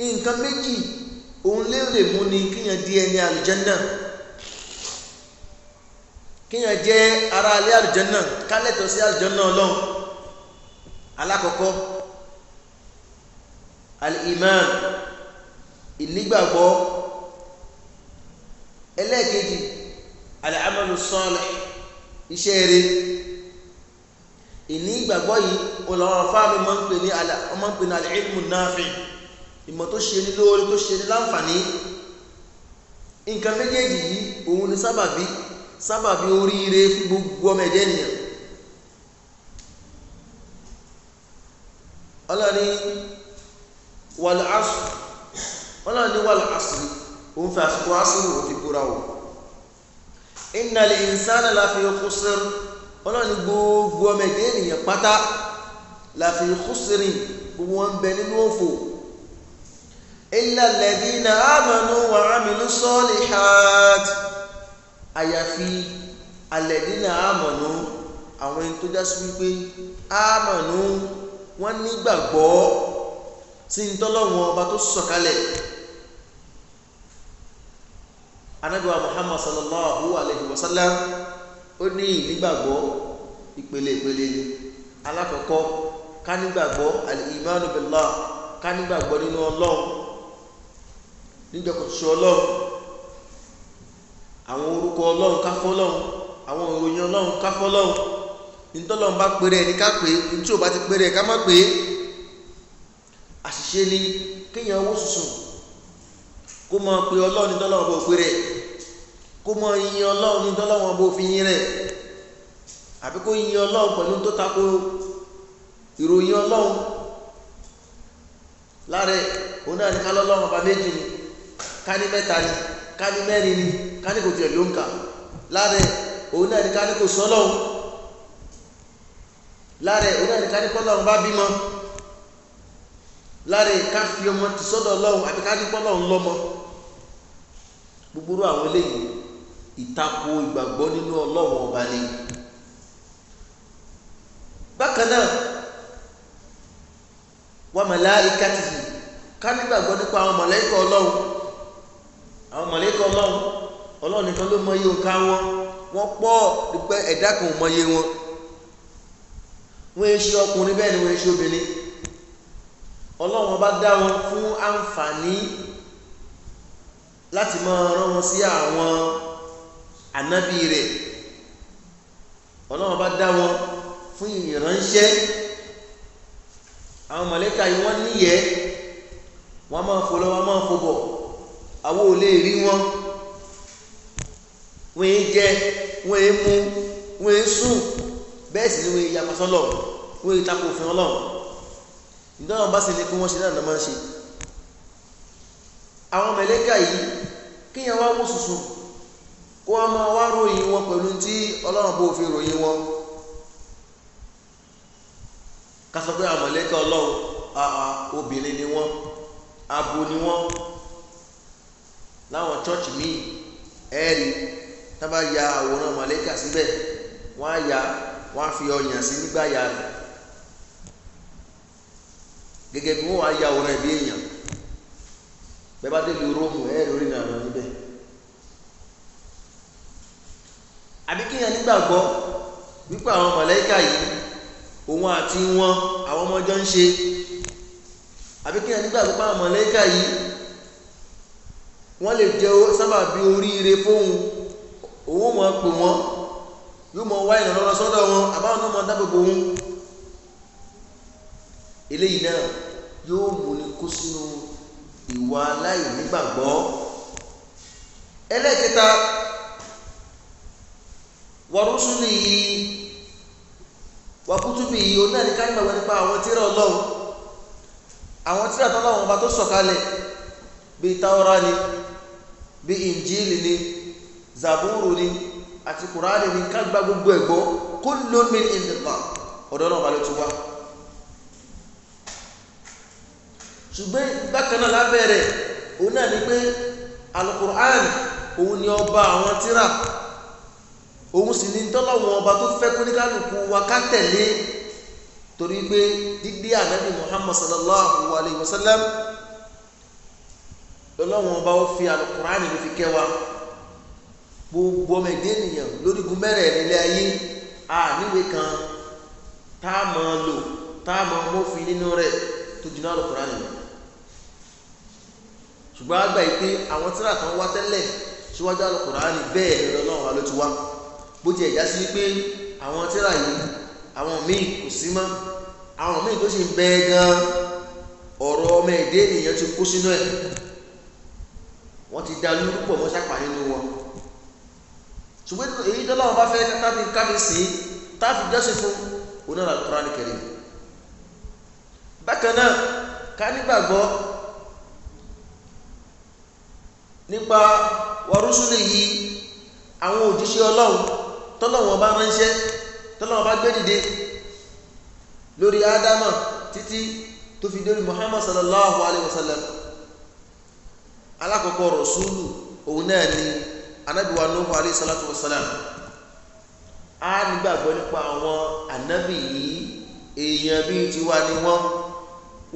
nǹkan méjì òun lè lè mú ni kíyàn di ẹni àlùjánnà náà kíyàn jẹ́ ara alẹ́ àlùjànnà kálẹ̀tọ̀ sí àlùjànnà ọlọ́run alákọ̀ọ́kọ́ al-iman ìnígbàgbọ́ ẹlẹ́ẹ̀kejì al-amalu salih iṣẹ́ eré ìní ìgbàgbọ́ yìí ọlọ́run afáàmì máa ń pè ní ọmọ ń pè ní al-ilmu nafi ìmọ̀ tó ṣe ní lóore tó ṣe ní láǹfààní nǹkan méjèèjì yìí òun ni sábàbí sábàbí oríire fún gbogbo ọmọ ẹ̀dẹ́ nìyẹn ọlọ́ni wàlá asù ọlọ́ni wàlá asù òun fẹ́ àsìkò asù òun fi kóra o innal insana láfi khusr ọlọ́ni gbogbo ọmọ ẹ̀dẹ́ nìyẹn pátá láfi khusr gbogbo wọn bẹ nínú òfò illa alladhina amanu wa amilu salihat àyàfi alẹ́dínà àmọ̀nù àwọn ẹni tó jásí wípé àmọ̀nù wọ́n nígbàgbọ́ sí ntọ́lọ́run ọba tó sọ̀kalẹ̀ anagba muhammad sallallahu alayhi wa sallam ó ní ìnígbàgbọ́ ìpele ìpele ni alákọ̀ọ́kọ́ ká nígbàgbọ́ al-imanu billah ká nígbàgbọ́ nínú ọlọ́run níjọkọ̀tún ọlọ́run àwọn orúkọ ọlọ́run káfọ́ ọlọ́run àwọn ìròyìn ọlọ́run káfọ́ ọlọ́run nítọ́lọ́run bá péré ẹni ká pé ntí ò bá ti péré ẹ ká má pé àṣìṣe ni kéèyàn owó sùsùn kó máa pe ọlọ́run nítọ́lọ́run bó péré kó máa yin ọlọ́run nítọ́lọ́run bó fi yin rẹ̀ àbí kó yin ọlọ́run pẹ̀lú tó tako ìròyìn ọlọ́run lára ẹ̀ òun náà ní ká lọ́lọ́run ọba méjì ni ká ní mẹ́ta ni. ká ní mẹ́rin ni ká kò tiẹ̀ ló ń kà lára òun náà ni kò sọ́lọ́hún lára òun náà ni ní kọ́lọ́hún bá bímọ lára ká ọmọ ti lọ́mọ gbogbo àwọn eléyìí ìtako ìgbàgbọ́ nínú ọba ni bákan náà ọlọ́run nìkan ló mọyé òǹkà wọn wọ́n pọ̀ dúpẹ́ ẹ̀dá kan ò mọyé wọn wọ́n ń ṣe ọkùnrin bẹ́ẹ̀ ni wọ́n ń ṣe obìnrin ọlọ́run bá dá wọn fún àǹfààní láti máa rán wọn sí àwọn ànábì rẹ̀ ọlọ́run bá dá wọn fún ìránṣẹ́ àwọn mọ̀lẹ́ka yìí wọ́n níyẹ́ wọ́n máa fò lọ wọ́n máa fò bọ̀ àwọn ò lè rí wọn. wọ́n jẹ wọ́n ń mu wọ́n ń sùn bẹ́ẹ̀ sì ni wọ́n ń yapa wọ́n tako bá sì kí ṣe náà àwọn yìí kíyàn wá wó sùsùn kó wọn bó fi wọn pé àwọn obìnrin ni abo ni láwọn tá ya àwòrán màlẹ́kà síbẹ̀ wọ́n á ya wọ́n á fi ọyàn sí nígbà ya rẹ̀ gẹ́gẹ́ bí wọ́n á ya àwòrán ẹ̀bí èèyàn bẹ́ẹ̀ bá débi róòmù ẹ̀ lórí nàrọ̀ níbẹ̀ àbí kéèyàn nígbàgbọ́ wípé àwọn màlẹ́kà yìí òun àti wọn àwọn ọmọjọ́ ń ṣe àbí kéèyàn nígbàgbọ́ pé àwọn màlẹ́kà yìí wọ́n lè jẹ́ sábàbí oríire fóun. owó mọ̀ pè wọ́n yóò mọ̀ wá ìrànlọ́wọ́ sọ́dọ̀ wọn àbáwọn náà mọ̀ dábòbò wọn eléyìí náà yóò mú ni kó sínú ìwà aláìnígbàgbọ́ ẹlẹ́kẹta wàrúsùlì yìí wàkútùbì yìí oní àdìká nígbàgbọ́ nípa àwọn tírà ọlọ́run àwọn tírà tọ́lọ́run ọba tó sọ̀kalẹ̀ bíi táwọ́rá ni bíi ìnjíìlì ni. zaburu ni àti kùránì ni ká gba gbogbo ẹ̀gbọ́ kó lómi ìdìbà ọ̀dọ́ náà balẹ̀ tó wá. ṣùgbọ́n bákan náà lábẹ́rẹ̀ òun náà ni pé alukur'an òun ni ọba àwọn tíra òun sì ni tọ́lọ́wọ́n ọba tó fẹ́ kó ní kálukú wa ká tẹ̀lé torí pé dídé ànábì muhammad sallallahu alayhi wa sallam lọ́lọ́wọ́n ọba ó fi alukur'an ló fi kẹ́ wa gbogbo ọmọ ẹ̀dẹ́ ènìyàn lórígun mẹ́rẹ̀ẹ̀rin ilé ayé a níwèé kan tá a máa lò tá a máa mọ́fin nínú rẹ̀ tó jìnnà Al-Qur'an nìyẹn ṣùgbọ́n a gbà yìí pé àwọn tíra kan wá tẹ́lẹ̀ síwájú Al-Qur'an ni bẹ́ẹ̀ ni Ọlọ́run wa ló ti wá bó ti ẹ̀já sí pé àwọn tíra yìí àwọn míì kò sí mọ́ àwọn míì tó sì ń bẹ gan ọ̀rọ̀ ọmọ ẹ̀dẹ́ ènìyàn ti kó sínú ẹ̀ wọ́n ti da lórúkọ mọ́ṣápá nínú wọn ṣùgbọ́n èyí tó lọ́wọ́ bá fẹ́ káfí káfí sí táàfì jọ́sìn fún onára Al-Qur'an Karim bákan náà ká nígbàgbọ́ nípa wàrúsùlẹ̀ yìí àwọn òjíṣẹ́ ọlọ́run tọ́lọ́wọ́n bá ránṣẹ́ tọ́lọ́wọ́n bá gbé dìde lórí ádámà títí tó fi dórí Muhammad sallallahu alayhi wa sallam alákọ̀ọ́kọ́ rọ̀ṣúlù òun náà ni anabi wa nuhu alayhi salatu wa salam a nígbàgbọ́ nípa àwọn anabi yìí èèyàn bíi tiwa ni wọ́n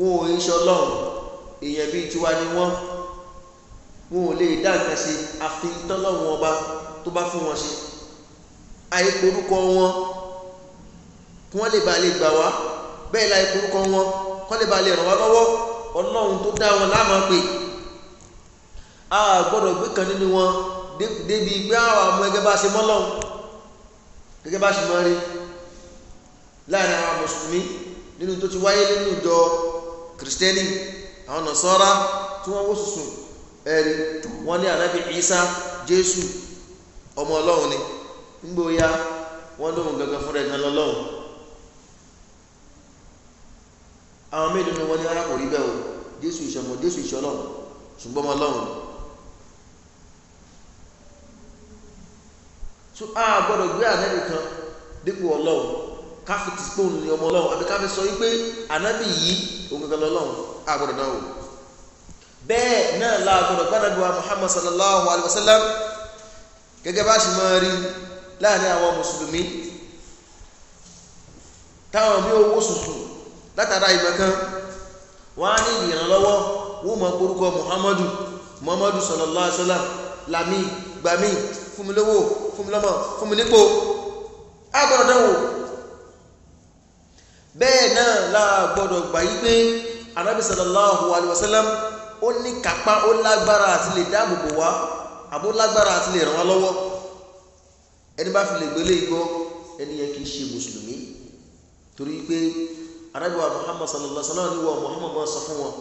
wọn ò ń ṣọlọ́run èèyàn bíi tiwa ni wọ́n wọn ò lè dá nǹkan ṣe àfi tọ́lọ́run ọba tó bá fún wọn ṣe àyè korúkọ wọn kí wọ́n lè ba lè gbà wá bẹ́ẹ̀ láyè korúkọ wọn kọ́ lè ba lè ràn wá lọ́wọ́ ọlọ́run tó dá wọn láàmú pé a gbọ́dọ̀ gbé kan nínú wọn débi pé àwọn ọmọ gẹ́gẹ́ bá ṣe mọ́lọ́hún gẹ́gẹ́ bá ṣe mọ́ rí láàrin àwọn mùsùlùmí nínú tó ti wáyé nínú ìjọ kìrìsìtẹ́nì àwọn nàṣọ́ra tí wọ́n wó sùsùn ẹ̀rí wọ́n ní ànábì Ìsá Jésù ọmọ Ọlọ́run ni ńgbóyà wọ́n lóhùn gẹ́gẹ́ fúnra ẹ̀gbọ́n lọ́lọ́run àwọn mélòó ni wọ́n ní arákùnrin ah, bẹ́ẹ̀ o Jésù ìṣọmọ Jésù ìṣọlọ́run ṣùgbọ́n ọmọ Ọlọ́run so a gbọ́dọ̀ gbé ànábì kan dípò ọlọ́run káfí ti spoon ní ọmọ ọlọ́run àbí káfí sọ wípé ànábì yìí òun kankan lọ́lọ́run a gbọ́dọ̀ náà wò bẹ́ẹ̀ náà la gbọ́dọ̀ gbàdàbí muhammad sallallahu alayhi wa sallam gẹ́gẹ́ bá ṣe máa rí láàrin àwọn mùsùlùmí táwọn bí owó sùsù látara ìmọ̀ kan wọ́n á ní ìrànlọ́wọ́ wọ́n mọ̀ orúkọ muhammadu muhammadu sallallahu alayhi wa sallam lami gbami fún mi lówó fún mi lọ́mọ fún mi nípò a gbọ́dọ̀ dánwò bẹ́ẹ̀ náà la gbọ́dọ̀ gbà yí pé anabi sallallahu alayhi wa sallam ó ní kápá ó lágbára àti lè dáàbò bò wá àbó lágbára àti lè ràn wá lọ́wọ́ ẹni bá fi lè gbélé igbó ẹni yẹn kì í ṣe mùsùlùmí torí pé anabi wa muhammad sallallahu alayhi wa sallam wa muhammad máa sọ fún wọn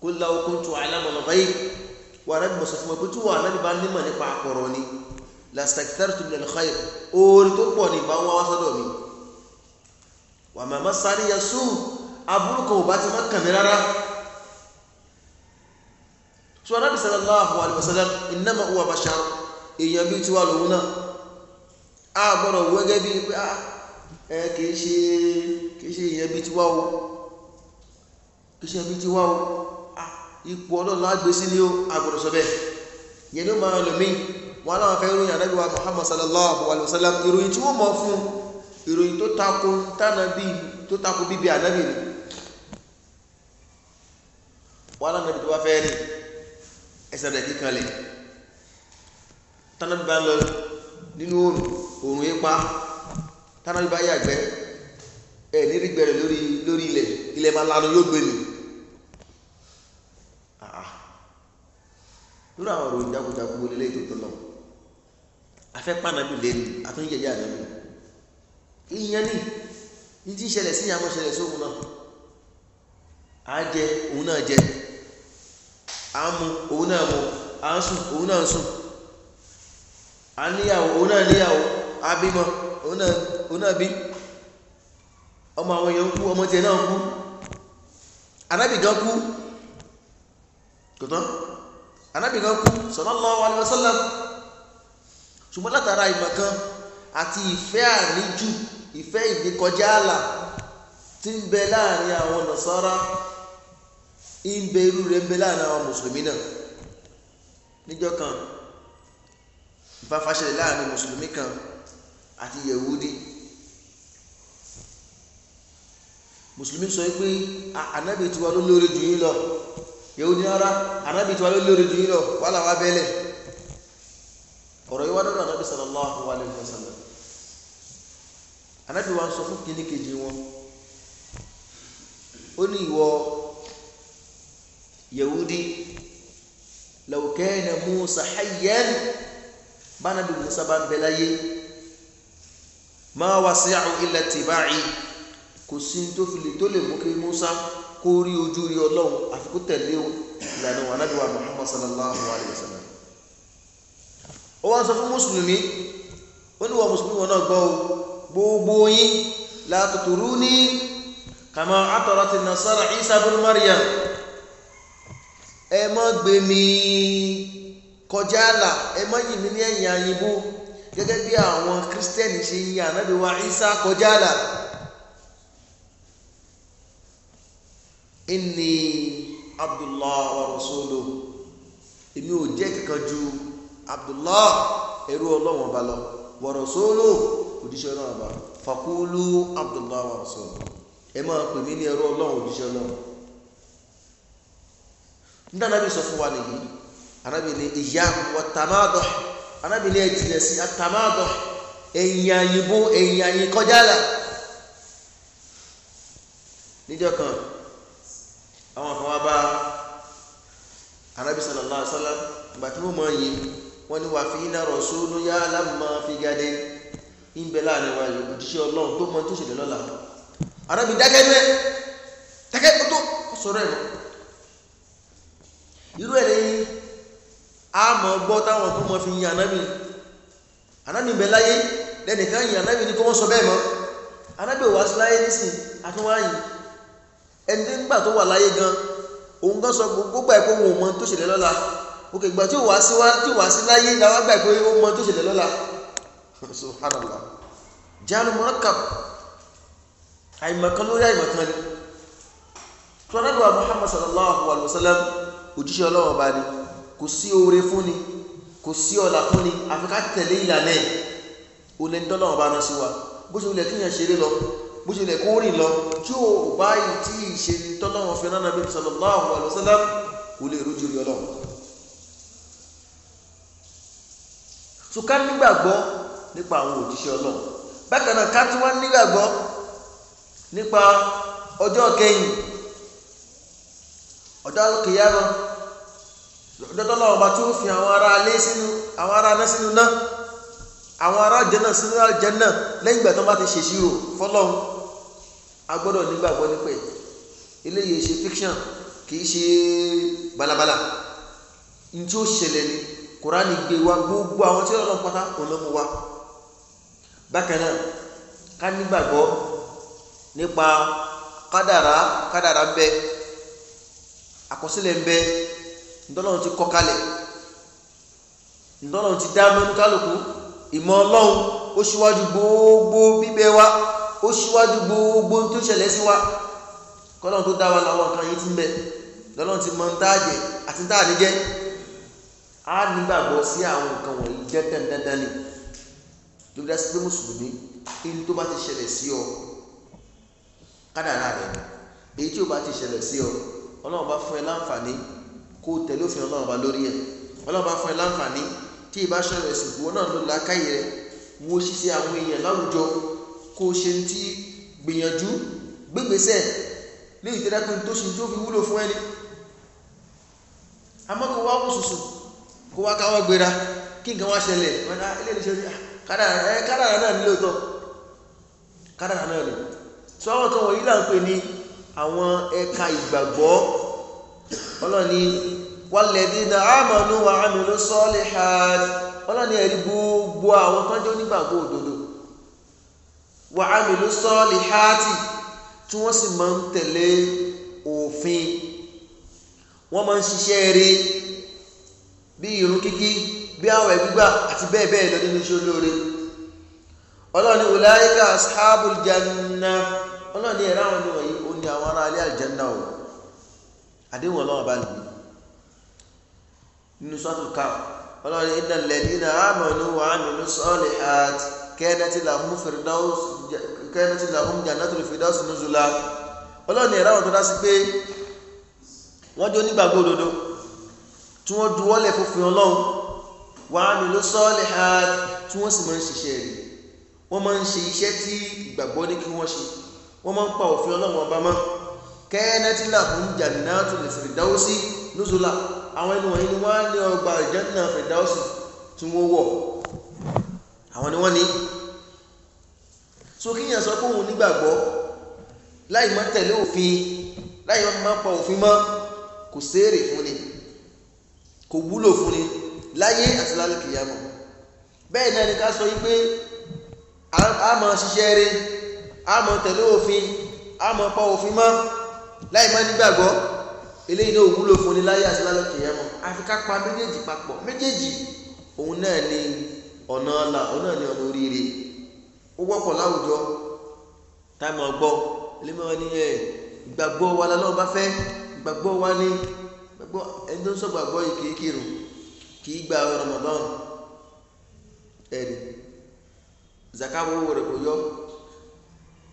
kó lawo kó tó àìlànà lọ́bàá yìí wà rẹ mọ̀ sọ fún wọn pé tí wọn àná nípa nímọ̀ nípa akọ̀rọ̀ ni lastakitartu minal khair oore tó pọ̀ ní ìbá wọn wá sọ́dọ̀ mi wà màmá sáré yẹ sùn aburú kan ò bá ti má kàn mí rárá sọ anábì sallallahu alaihi wasallam innama huwa bashar èèyàn bíi tiwa lòun náà a gbọ́dọ̀ wẹ́gẹ́ bíi pé a ah, ẹ kìí ṣe kìí ṣe èèyàn bíi tiwa o kìí ṣe èèyàn bíi tiwa o ipò ọlọ́run lágbé sí ní agbọ̀dọ̀ sọ bẹ́ẹ̀ yẹn ló máa lòmí wọn láwọn fẹ́ ròyìn ànábì wa muhammad sallallahu alayhi wa sallam ìròyìn tí wọ́n mọ̀ fún ìròyìn tó tako tánàbí tó tako bíbí ànábì ni wọn láwọn ànábì tó bá fẹ́ rìn ẹsẹ̀ rẹ̀ kíkanlẹ̀ tánàbí bá lọ nínú oòrùn ipa tánàbí bá yàgbẹ́ ẹ̀ nírí lórí ilẹ̀ ilẹ̀ máa lanu yóò gbẹ̀rẹ̀ irú àwọn ọ̀rọ̀ ìjákujàku wo lélẹ́yìí tó tó lọ afẹ́pá nàbí lẹ́nu àtúnyẹ̀yẹ ànábì ìyẹn ní ní tí ìṣẹ̀lẹ̀ sí ìyàmọ̀ ṣẹlẹ̀ sóhun náà á òun náà jẹ á òun náà mu á òun náà sùn á òun náà níyàwó á òun náà òun náà bí ọmọ àwọn èèyàn kú anábì kan kú sallallahu alaihi wasallam ṣùgbọ́n látara ìmọ̀ kan àti ìfẹ́ àníjù ìfẹ́ ìdíkọjá àlà tí ń bẹ láàrin àwọn nàṣọ́ra ń bẹ irú rẹ̀ ń bẹ láàrin àwọn mùsùlùmí náà níjọ́ kan ìfáfá ṣẹlẹ̀ láàrin mùsùlùmí kan àti yẹ̀wúdí mùsùlùmí sọ pé ànábì tiwa ló lóore jù yín lọ yahudi rárá anabi tiwa ló lórí ju yín lọ wàhálà wa bẹ́lẹ̀ ọ̀rọ̀ yìí wá lọ́dọ̀ anabi sallallahu alayhi wa sallam anabi wa sọ fún kínní kejì wọn ó ní ìwọ yahudi law kana musa hayyan bánabi musa bá ń bẹ láyé ma wasi'u illa tiba'i kò sí tó fi lè tó lè mú kí musa kó rí ojú rí ọlọ́run àfi kó tẹ̀lé ìlànà ànábìwá muhammad sallallahu alayhi wa sallam ó wá sọ fún mùsùlùmí ó ní wà mùsùlùmí wọn náà gbọ́ o gbogbo yín la tuturuni kama atarati nasara isa bin maryam ẹ má gbé mi kọjá àlà ẹ má yìn mí ní ẹ̀yìn àyìnbó gẹ́gẹ́ bí àwọn kírísítẹ́nì ṣe yìn ànábìwá isa kọjá àlà. inni abdullah wa rasuluhu èmi o kankan ju abdullah ẹrú ọlọ́wọ́n ba lọ wa rasuluhu òjíṣẹ́ ọlọ́wọ́n ba fakulu abdullah wa rasuluhu ẹ máa pè mí ní ẹrú ọlọ́wọ́n òjíṣẹ́ ọlọ́wọ́n ndana sọ fún wa nìyí anabi ni ìyá wa tamadọ anabi ni ẹtìlẹ sí atamadọ àyìnbó àyìn kọjá la àwọn kan wá bá anabi sallallahu alaihi wa sallam ìgbà tí wọ́n mọ̀ yìí wọ́n ní wà fi iná rọ̀ sóònù yá lámà fi gàdé ń bẹ láàrin wa yòókù tíṣẹ́ ọlọ́run tó mọ tó ṣẹlẹ̀ lọ́la anabi dákẹ́ mẹ́ dákẹ́ tó sọ̀rọ̀ ẹ̀ irú ẹ̀ lẹ́yìn àmọ́ gbọ́ táwọn tó mọ fi yin anabi anabi bẹ láyé lẹ́nìkan yin anabi ní kó wọ́n sọ bẹ́ẹ̀ mọ́ anabi wàásù láyé nísìn àtúwáyìn ẹni tó nígbà tó wà láyé gan òun gan sọ gbogbo ẹ̀ pé òun ò mọ tó ṣẹlẹ̀ lọ́la òkè ìgbà tí ò wá tí ò sí láyé làwọn gbà pé ó mọ tó ṣẹlẹ̀ lọ́la subhanallah jáàlù murakkab àìmọ̀kan lórí àìmọ̀kan ni tọ́lẹ́dùwà muhammad sallallahu alayhi wa sallam òjíṣẹ́ ọlọ́wọ́n bá ní kò sí oore fún ni kò sí ọlá fún ni àfi ká tẹ̀lé ìlànà ẹ̀ òun lẹ́ni tọ́lọ́wọ́n bá ná sí wa bó ṣe wulẹ̀ kíyàn ṣeré lọ bó ṣe lè kó rìn lọ tí ò báyìí tí ìṣe tọ́lọ́run fi rán Ànábì sallallahu alaihi wasallam kò lè rújú rí ọlọ́run. sùkà nígbàgbọ́ nípa àwọn òjíṣẹ́ ọlọ́run bákan náà ká tún wá nígbàgbọ́ nípa ọjọ́ kẹyìn ọjọ́ kìyàmọ́ ọjọ́ tọ́lọ́run bá tún fi àwọn ará alẹ́ sínú àwọn ará aná sínú náà àwọn ará jẹ́nà sínú àlùjánnà lẹ́yìn ìgbà tó bá ti ṣèṣirò fọlọ́run a gbọ́dọ̀ nígbàgbọ́ nípa ẹ̀ eléyìí ṣe fiction kì í ṣe balabala ní tí ó ṣẹlẹ̀ ni kùránì gbé wa gbogbo àwọn tí ọlọ́run pátá ọlọ́mú wa bákan náà ká nígbàgbọ́ nípa kádàrá kádàrá ń bẹ àkọsílẹ̀ ń bẹ ntọ́lọ́run ti kọ́ kalẹ̀ ntọ́lọ́run ti dá mẹ́nu kálukú ìmọ̀ ọlọ́run ó ṣíwájú gbogbo bíbẹ wa ó ṣíwájú gbogbo tó ṣẹlẹ̀ sí wa kọ́lọ́n tó dá wa láwọn nǹkan yìí ti ń bẹ lọ́lọ́n ti mọ tá a jẹ àti tá a ní jẹ á nígbàgbọ́ sí àwọn nǹkan wọ̀nyí jẹ́ dandandan ni tó dá sí pé mùsùlùmí èyí tó bá ti ṣẹlẹ̀ sí ọ kádàrá rẹ̀ èyí tí ò bá ti ṣẹlẹ̀ sí ọ ọlọ́run bá fún ẹ láǹfààní kó o tẹ̀lé òfin ọlọ́run bá lórí ẹ ọlọ́run bá fún ẹ láǹfààní tí ì bá ṣẹlẹ̀ sí náà ló lákàyè rẹ wo ṣiṣẹ́ àwọn èèyàn láwùjọ kó ṣe tí gbìyànjú gbégbèsẹ̀ lè ìtẹ́dàpín tó ṣe tó fi wúlò fún ẹni amọ́kọ̀ wá kó sùsù kó wá káwọ́ gbéra kí nǹkan wá ṣẹlẹ̀ ah, ah, kádàrà náà nílò tọ́ kádàrà náà lò sọ àwọn kan wọ̀nyí là ń pè ní àwọn ẹ̀ka ìgbàgbọ́ ọlọ́ni walladhina amanu wa amilu salihati ọlọ́ni ẹ̀rí gbogbo àwọn tọ́jú onígbàgbọ́ òdodo wa amilu salihati tí wọ́n sì máa ń tẹ̀lé òfin wọ́n máa ń ṣiṣẹ́ rí bí irun kíkí bí àwẹ̀ gbígbà àti bẹ́ẹ̀ bẹ́ẹ̀ lọ nínú iṣẹ́ olóore ọlọ́run ní ulaika ashabul janna ọlọ́run ní ẹ̀rọ àwọn ènìyàn yìí ó ní àwọn ará ilé àlùjánnà o àdéhùn ọlọ́run bá nìyí nínú sọ́tù ká ọlọ́run innal ladina amanu wa amilus salihati kẹ́ẹ̀nẹ́tì làhùn firdaus kẹ́ẹ̀nẹ́tì làhùn janatul firdaus nuzula ọlọ́ọ̀ni ẹ̀rọ àwọn tó dá sí pé wọ́n jó nígbàgbọ́ òdodo tí wọ́n duwọ́lẹ̀ fòfin ọlọ́run wàá mi ló sọ́ọ̀lẹ̀ ha tí wọ́n sì máa ń ṣiṣẹ́ rẹ̀ wọ́n máa ń ṣe iṣẹ́ tí ìgbàgbọ́ ní kí wọ́n ni wọ́n á ní ọgbà ìjẹ́ náà àwọn ni wọ́n ní so kíyàn sọ pé òun nígbàgbọ́ láì má tẹ̀lé òfin láì má pa òfin mọ́ kò séèrè fún ni kò wúlò fún ni láyé àti lálẹ́ kìyàmọ̀ bẹ́ẹ̀ náà ni ká sọ yí pé a mọ̀ ṣiṣẹ́ rẹ̀ a mọ̀ tẹ̀lé òfin a mọ̀ pa òfin mọ́ láì má nígbàgbọ́ eléyìí náà wúlò fún ni láyé àti lálẹ́ kìyàmọ̀ àfi ká pa méjèèjì papọ̀ méjèèjì òun náà ni. ọ̀nà ọ̀la ọ̀nà ni ọ̀nà oríire ó wọ́pọ̀ láwùjọ táwọn gbọ́ ẹlẹ́mọ̀ ni ẹ̀ gbàgbọ́ wa lọ́wọ́ bá fẹ́ gbàgbọ́ wa ní gbàgbọ́ ẹni tó ń sọ gbàgbọ́ yìí kì í kírun kì í gba Ramadan ẹ̀rì kò yọ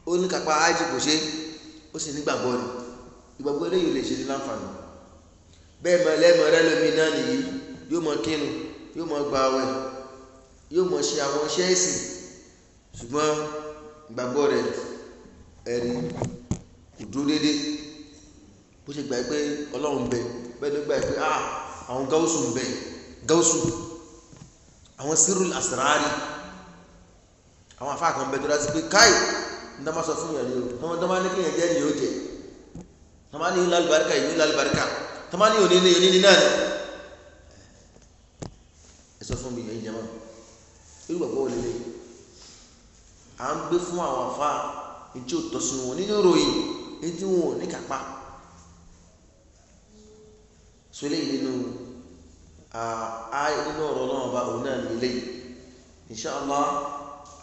ó ní kápá yóò mọ̀ ṣe àwọn iṣẹ́ ẹ̀sìn ṣùgbọ́n ìgbàgbọ́ rẹ̀ ẹ̀rí kò dúró déédéé bó ṣe gbà pé ọlọ́run bẹ bẹ́ẹ̀ ló gbà pé ah àwọn gáúsù ń bẹ gáúsù àwọn sírùl àsìrárì àwọn afá kan bẹ tó dájú pé káì ní dáná sọ fún ìyàrá o tọmọ tọmọ ní kéèyàn jẹ ìyẹn ó jẹ tọmọ ní ìlú alùbáríkà ìlú alùbáríkà tọmọ ní òní ní òní ní náà ni ẹ sọ fún mi ìyẹn jẹ mọ irú gbàgbọ́ wọlé lé à ń gbé fún àwọn àfa ètí ò tọ́sùn wọn nínú ìròyìn ètí wọn ò ní kápá so eléyìí nínú ààyè nínú ọ̀rọ̀ náà ọba òun náà nílé inṣàlá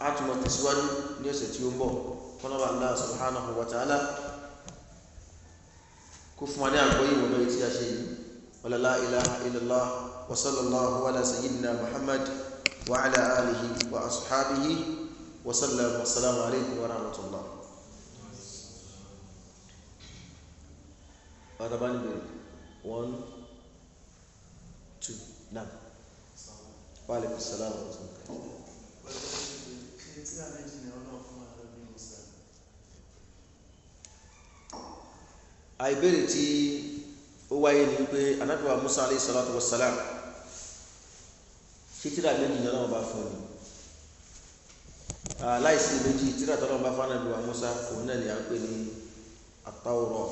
a tún máa tẹ̀síwájú ní ọ̀sẹ̀ tí ó ń bọ̀ kọ́nọ́bà Allah subhanahu wa ta'ala kó fún wa ní àgbọ́yé wọn lórí tí a ṣe yìí wa la ilaha illallah wa sallallahu ala Muhammad. وعلى آله وأصحابه وسلم والسلام عليكم ورحمة الله هذا بان بيري 1 2 نعم وعليكم السلام ورحمة الله àìbéèrè tí ó wáyé ni wípé anábìwá Musa alayhi salatu wa salam ṣé tíra ah, méjì ni ọlọ́run bá fún ni láìsí méjì tíra tọ́lọ́run bá fún àdúrà Musa òun náà ni à ń pè ní àtàwòrán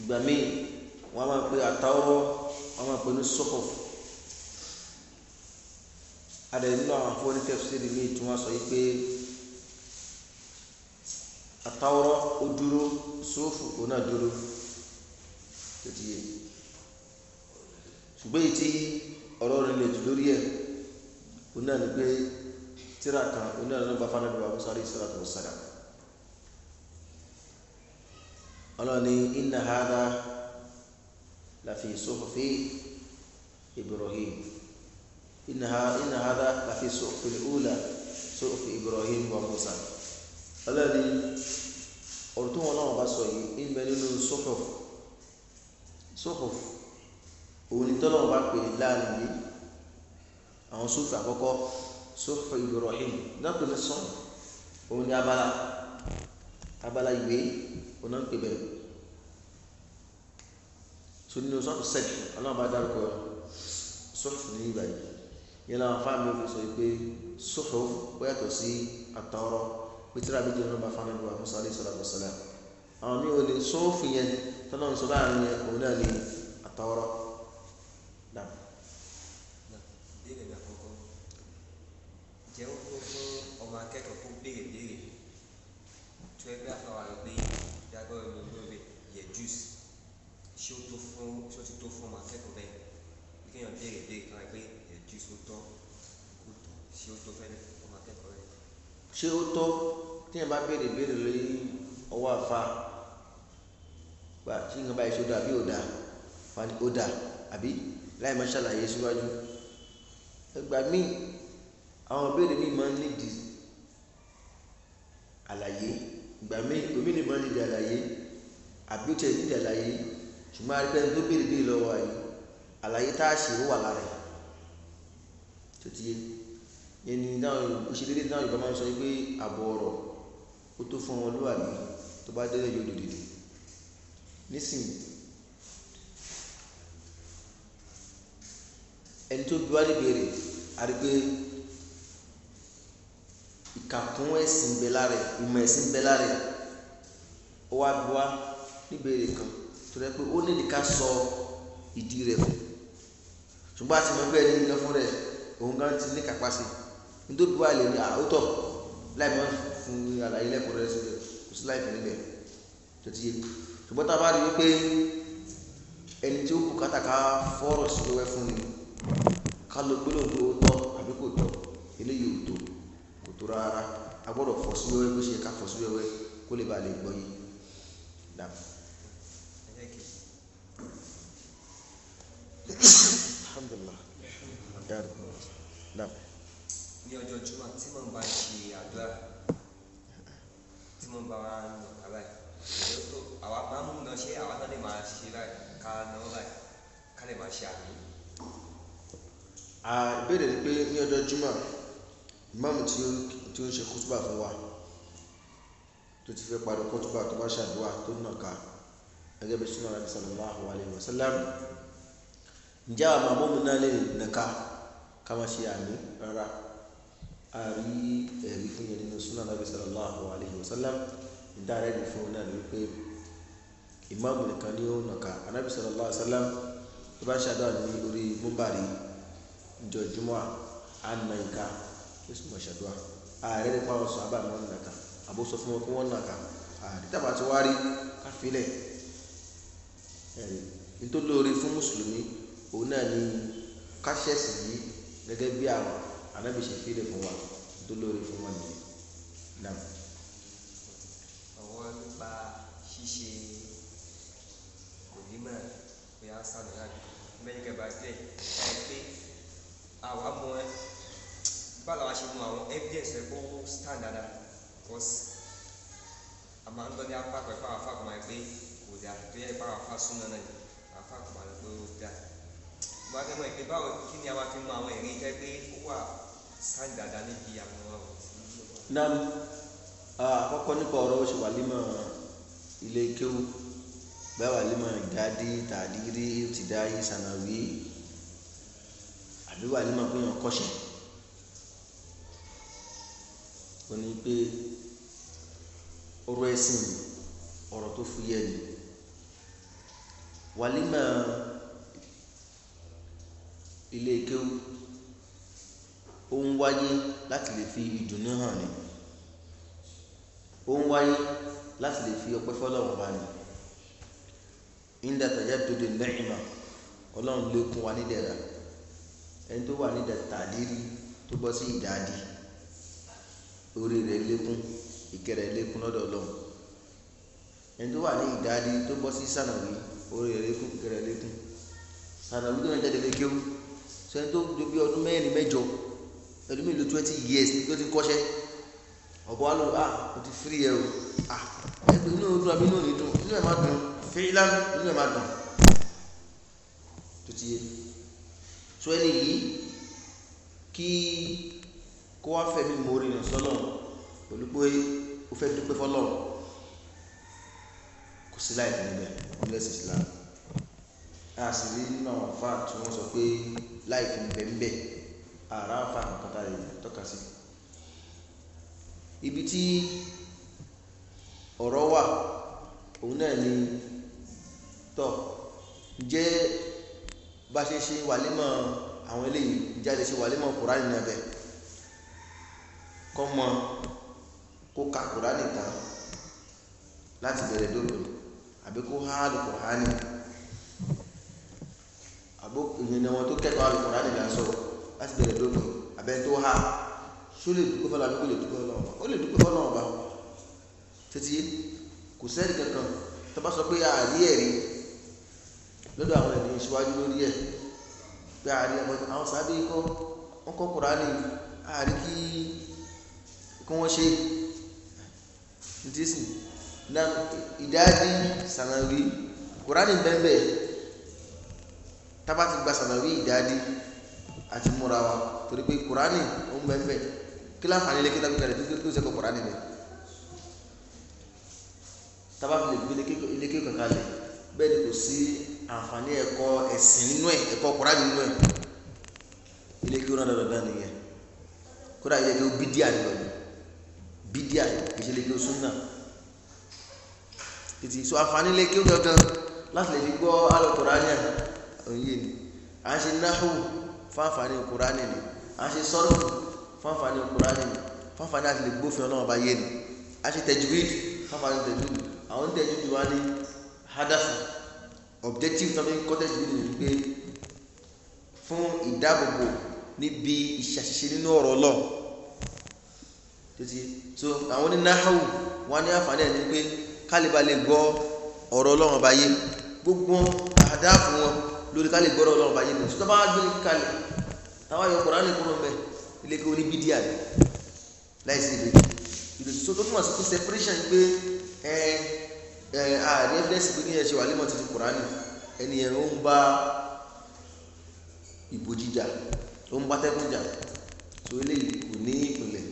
ìgbà míì wọ́n máa pe àtàwòrán wọ́n máa pe ní sọ́kọ̀ adẹ̀nínú àwọn afọ́ni tẹ̀síìrì míì tí wọ́n sọ yìí pé àtàwòrán ó dúró sófù òun náà dúró tètè yìí ṣùgbọ́n èyí tí ọ̀rọ̀ rẹ̀ lè jù lórí ẹ̀ òun náà ni pé tíra kan òun náà ló gba fanabi wa musa alayhi salatu wa salam ọlọ́ni inna hadha lafi suhufi ibrahim inna hadha lafi suhufi ula ibrahim wa musa ọlọ́ni ọ̀rọ̀ tó wọn náà wọ́n bá sọ yìí ń nínú suhuf òun ni tọ́lọ́wọ́n bá pè ní láàrin yìí àwọn sófì àkọ́kọ́ sófì Ibrahim dápẹ́ ní sọ́ọ̀n òun ni abala abala ìwé òun náà ń pè bẹ́ẹ̀ tó nínú sọ́ọ̀tù sẹ́ẹ̀kì ọlọ́run bá dárúkọ sọ́ọ̀tù ní ìgbà yìí yẹn náà fáwọn mi ò fi sọ pé sọ́ọ̀tù ó yàtọ̀ sí àtọ̀rọ̀ pétérà méjì ló ń bá fáwọn ẹgbẹ́ Musa alayhi àwọn mi ò ní sọ́ọ̀fù yẹn tọ́lọ́run sọ ǹjẹ́ ó tó fún ọmọ akẹ́kọ̀ọ́ kó béèrè béèrè tó ẹgbẹ́ àfàwà rẹ̀ pé ìdágbọ́n mi ló rẹ̀ yẹ jùsì ṣé ó tó fún ṣé ó ti tó fún ọmọ akẹ́kọ̀ọ́ bẹ́ẹ̀ bí kéèyàn béèrè béèrè kan pé yẹ jùsì ó tọ́ kó tọ́ ṣé ó tó fẹ́ ọmọ akẹ́kọ̀ọ́ rẹ̀. ṣé ó tọ́ téèyàn bá béèrè béèrè lórí ọwọ́ àfa gbà tí nǹkan báyìí ṣe ó dáa àbí ó dáa àwọn ìbéèrè mi máa ń nídìí àlàyé ìgbà míì omi ni máa ń nídìí àlàyé àbí ó tiẹ̀ nídìí àlàyé ṣùgbọ́n arípẹ́ tó béèrè béèrè lọ́wọ́ àyè àlàyé tá a ṣe ó wà lára ẹ̀ tó ti yé yẹn ni dáhùn òṣèlérí dáhùn Yorùbá máa ń sọ pé àbọ̀ ọ̀rọ̀ ó tó fún wọn lóhàbí tó bá délé yóò dòdòdò nísìnyí ẹni tó bí wá béèrè àrígbé ìkàkùn ẹ̀sìn bẹ lára ẹ̀ ìmọ̀ ẹ̀sìn bẹ lára ẹ̀ ó wá bí wá níbèrè kan tó rẹ pé ó nídìí ká sọ ìdí rẹ̀ fún ṣùgbọ́n àti mọ̀ pé ẹni nínú fún rẹ̀ òun gan ti ní kápá sí i nítorí wà lè ní àótọ́ láì mọ́ fún àlàyé lẹ́kọ̀ọ́ rẹ̀ síbẹ̀ kò sí láì fún níbẹ̀ tó ti yé ṣùgbọ́n tá a bá rí i pé ẹni tí ó kù kátàká fọ́ọ̀rọ̀ sí lówẹ́ fún ni ká ló gbólóhùn tó tọ́ àbí kò tọ́ eléyìí ò tó tó rárá a gbọ́dọ̀ fọ́ sí wẹ́wẹ́ bó ṣe ká fọ́ sí wẹ́wẹ́ kó lè ba lè gbọ́ yìí dàm. alhamdulillah ní ọjọ́ jùmọ̀ tí mo bá ṣe àdúrà tí mo bá wà ń lọ kàlá yìí àwa máa ń mú náà ṣe àwa náà lè máa ṣe láì ká náà láì ká lè máa ṣe àmì. ìbéèrè ni pé ní ọjọ́ jùmọ̀ ìmáàmù tí ó ń ṣe kútúbà fún wa tó ti fẹ́ parí kútúbà tó bá ṣàdúrà tó nà ká gẹ́gẹ́ bí sunnah Nabi sallallahu alayhi wa sallam ǹjẹ́ àwọn àmọ́mù náà lè nà ká ká má ṣe àmì rárá a rí ẹ̀rí fún yẹn nínú sunnah Nabi sallallahu alayhi wa sallam ìdárẹ́ ní fún náà lórí pé ìmáàmù nìkan ni ó nà ká Ànábì sallallahu alayhi wa tó bá ṣàdúrà ní orí múmbàrí ìjọ ó sì mọ̀ ṣàdúrà ààrẹ nípa wọn sọ abáàmì wọn nàka àbó sọ fún wọn kí wọn nàka ààrẹ tàbá ti wá rí káfílẹ̀ ẹ̀rí nítorí fún mùsùlùmí òun náà ni káṣẹ́sì yìí gẹ́gẹ́ bí àwọn anábìṣe fílẹ̀ fún wa nítorí fún wọn nìyẹn náà. ọ̀wọ́ nípa ṣíṣe onímọ̀ bóyá sàmìlà mẹ́rin kẹba díẹ̀ láì pé àwọn amọ̀ ẹ́ báwo la ṣe mú àwọn evidence rẹ kó stand dada because a máa ń gbọ́ ní apá pẹ̀lú àwọn afá kan máa ń pé kò dáa tó yẹ pé àwọn afá súnmọ́ náà ni afá kan máa ń pé ó dáa mo bá kẹ́kọ̀ọ́ ìpè báwo kí ni a máa fi mú àwọn ẹ̀rí tẹ́ pé ó wà stand dada níbi àwọn ọ̀rọ̀. nam àkọ́kọ́ nípa ọ̀rọ̀ oṣù wàlímọ̀ ilé kéwù bẹ́ẹ̀ wàlímọ̀ ìdádí tàdírí tìdáyé sànàwí àbí wàlímọ̀ pé yàn kọ́ṣẹ́ ó ní pé ọ̀rọ̀ ẹ̀sìn ọ̀rọ̀ tó fúyẹ́ ni wàlímà ilé kéwú ó ń wáyé láti lè fi ìdùnnú hàn ni ó ń wáyé láti lè fi ọpẹ́ fọ́lọ́run bá ni inda tajaddud ni'ma Ọlọ́run lékún wa nídẹ̀ra ẹni tó wà nídẹ̀ tàdírí tó bọ́ sí ìdádì. orí rẹ̀ lékún ìkẹrẹ lékún lọ́dọ̀ ọlọ́run ẹni tó wà ní ìdádí tó bọ́ sí sànàwí orí rẹ̀ lékún ìkẹrẹ lékún sànàwí tó ń jáde lé kéwú sẹ́ni tó ju ọdún mẹ́rin mẹ́jọ ẹdún mélòó twenty years tó ti kọ́ṣẹ́ ọ̀pọ̀ wa ló ti firi yẹ o à ẹgbẹ́ inú dùn àbí inú ò ní inú ẹ̀ má dùn fìlà inú ẹ̀ má dùn tó ti yìí kí. kó wá fẹ̀mí mórí rẹ̀ sọ́lọ́run pẹ̀lú pé ó fẹ́ dúpẹ́ fọ́lọ́run kò sí láì fi níbẹ̀ ọlẹ́sìn Islam a sì rí nínú àwọn àfa tí wọ́n sọ pé láì fi níbẹ̀ níbẹ̀ àrà àfa kankan tá a lè tọ́ka sí ibi tí ọ̀rọ̀ wà òun náà ni tọ́ jẹ́ bá ṣe ṣe wàlímọ̀ àwọn eléyìí jáde ṣe wàlímọ̀ Kùránì náà bẹ́ẹ̀ kọ́mọ kó ka kùránì tán láti bẹ̀rẹ̀ dòdò àbí kó há alùkùránì àbó ìyẹn àwọn tó kẹ́kọ̀ọ́ alùkùránì là ń sọ láti bẹ̀rẹ̀ dòdò àbẹ́ tó há ṣó lè dúpẹ́ fọlọ́ àbí kò lè dúpẹ́ fọlọ́ ọba ó lè dúpẹ́ fọlọ́ ọba títí kò sẹ́ẹ̀rì kankan tó bá sọ pé àárí ẹ̀rí lọ́dọ̀ àwọn ènìyàn ìṣíwájú lórí ẹ̀ pé àárí àwọn sábẹ́ kọ́ wọ́n kọ́ kùránì àárí kí kí wọ́n ṣe ntísìn ìdádi sànàwí kùránì bẹ́ẹ̀ tábà ti gba sànàwí ìdádi àti múra wa torí pé kùránì ó ń bẹ́ẹ̀ kí láǹfààní lé kí lábẹ́ kalẹ̀ tó tó sẹ́kọ̀ kùránì lẹ̀ tábà fi lè gbé ilé kí kankan lẹ̀ bẹ́ẹ̀ ni kò sí àǹfààní ẹ̀kọ́ ẹ̀sìn nínú ẹ̀ ẹ̀kọ́ kùránì nínú ẹ̀ ilé kí náà dandan nìyẹn kódà ilé kí ó bí díà nínú ẹ̀ bídíà ìṣe lè kí o súnà títí so àǹfààní lè kí o gangan láti lè fi gbọ́ alukùránì òye ni à ń ṣe náhù fún àǹfààní kùránì ni à ń ṣe sọ́rọ̀ fún àǹfààní kùránì ni fún àǹfààní àti lè gbófin ọlọ́run ọba yé ni à ń ṣe tẹ̀júwìd fún àǹfààní àwọn tẹ̀júwìd wa ní hadafu objective tó fi kọ́ tẹ̀júwìd ni pé fún ìdáàbòbò níbi ìṣàṣìṣe nínú ọ̀rọ̀ ọlọ́run títí so àwọn onínáhàwù wọn ní àǹfààní ẹ̀ ní pé kálíbà lè gbọ́ ọ̀rọ̀ ọlọ́run ọba yé gbogbo àdáàbò wọn lórí kálí gbọ́dọ̀ ọlọ́run ọba yé ni sọ́tọ́ bá gbé kalẹ̀ táwọn ayọ̀ kọ̀ọ̀rọ̀ ní kúrò mẹ́ ilé kí oní bídíà ni láì sí ibi ìlú tó tó túmọ̀ sí separation gbé ẹ ẹ àní evidence pé kí ẹ ṣe wà límọ̀ títí kùránì ẹni yẹn ó ń bá ìbò jíjà ó ń bá tẹ́kùn jà tó eléyìí kò ní ìpìlẹ̀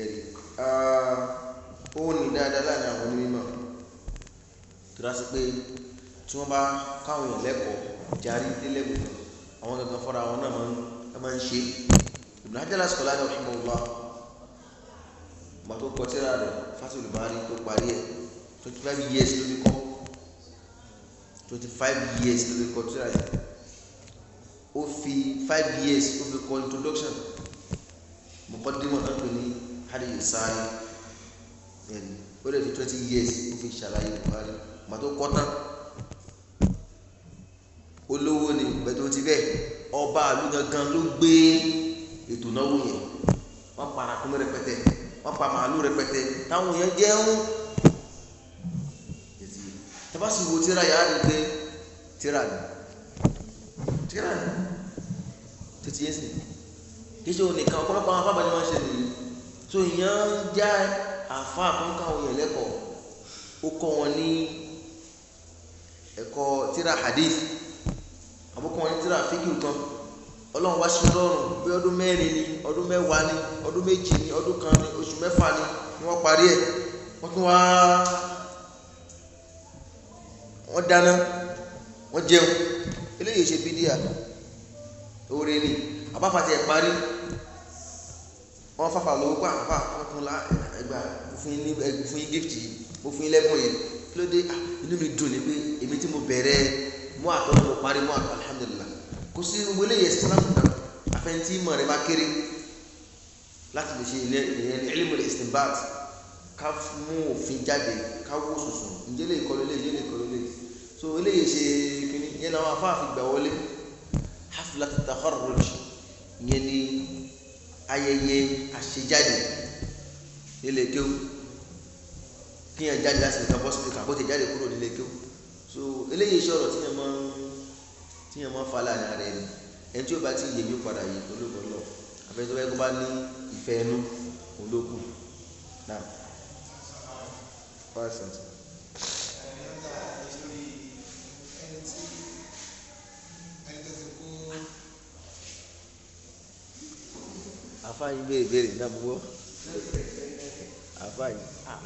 ẹ̀rí Ah, ó ní dáadáa láàrin àwọn onímọ̀ tó dá sí pé tí wọ́n bá káwọn èèyàn lẹ́kọ̀ọ́ járí délẹ́gùn àwọn gangan fọ́ra àwọn náà máa ń ṣe Ibn Hajar al-Asqalani rahimahullah gbà tó kọ tírà rẹ̀ Fathul Bari tó parí ẹ̀ twenty five years ló fi kọ́ twenty five years ló fi kọ tírà yìí ó fi five years ó fi kọ introduction mọ̀kọ́dínmọ̀ náà pè ní. Hadi Sari ẹni ó lè fi twenty years ó fi ṣàlàyé Buhari màá tó kọ́ tán olówó ni gbẹdọ ti bẹ ọba àlú gangan ló gbé ètò náwó yẹn wọn pa arákùnrin rẹpẹtẹ wọn pa màálù rẹpẹtẹ táwọn yẹn jẹun tabasi wo tíra yàrá ni pé tíra ni tíra ni tètè yẹn sè kéjọ nìkan ọ̀pọ̀lọpọ̀ àwọn afábàdé máa ń ṣe nìyí so èèyàn ń já àfa àkọ́ńkà òyìn lẹ́kọ̀ọ́ ó kọ́ wọn ní ẹ̀kọ́ tíra hadith àbúkọ́ wọn ní tíra fíkìrì kan ọlọ́run wá sí lọ́rùn bí ọdún mẹ́rin ni ọdún mẹ́wàá ni ọdún méjì ni ọdún kan ni oṣù mẹ́fà ni ni wọ́n parí ẹ̀ wọ́n tún wá wọ́n dáná wọ́n jẹun eléyìí ṣe bídíà oore ni àbáfàtì ẹ̀ parí wọ́n fàfà lówó pa àpá wọ́n fún ẹgbà fún yín fún yín gift yìí mo fún yín lẹ́kùn yìí kí ló dé ah, inú mi dùn ní pé èmi tí mo bẹ̀rẹ̀ mú àtọ́ mo parí mú àtọ́ alhamdulillah kò sí gbogbo eléyìí islam náà afẹ́ntì mọ̀ rẹ̀ bá kéré láti lè ṣe ilé ìyẹn ní ilmu istinbat ká mú òfin jáde ká wó sùsùn ǹjẹ́ lè kọ́ lélẹ̀ ǹjẹ́ lè kọ́ lélẹ̀ so eléyìí ṣe kíní yẹn làwọn afáàfin gbà wọlé haflat at-takharruj ìyẹn ni ayẹyẹ àṣejáde nílé kéwù kíyàn jáde láti lè tọpọ sípíkà bó ti jáde kúrò nílé kéwù so eléyìí sọ̀rọ̀ tíyàn máa ń tíyàn máa ń fa lànà rẹ ni ẹni tí ó bá ti yẹ mí padà yìí olóògbé lọ àfẹsọ̀rọ̀ ẹgbẹ́ bá ní ìfẹ́ ẹnu ológun náà. àfáà yín béèrè béèrè náà mú wọ́ ah. àfáà ah,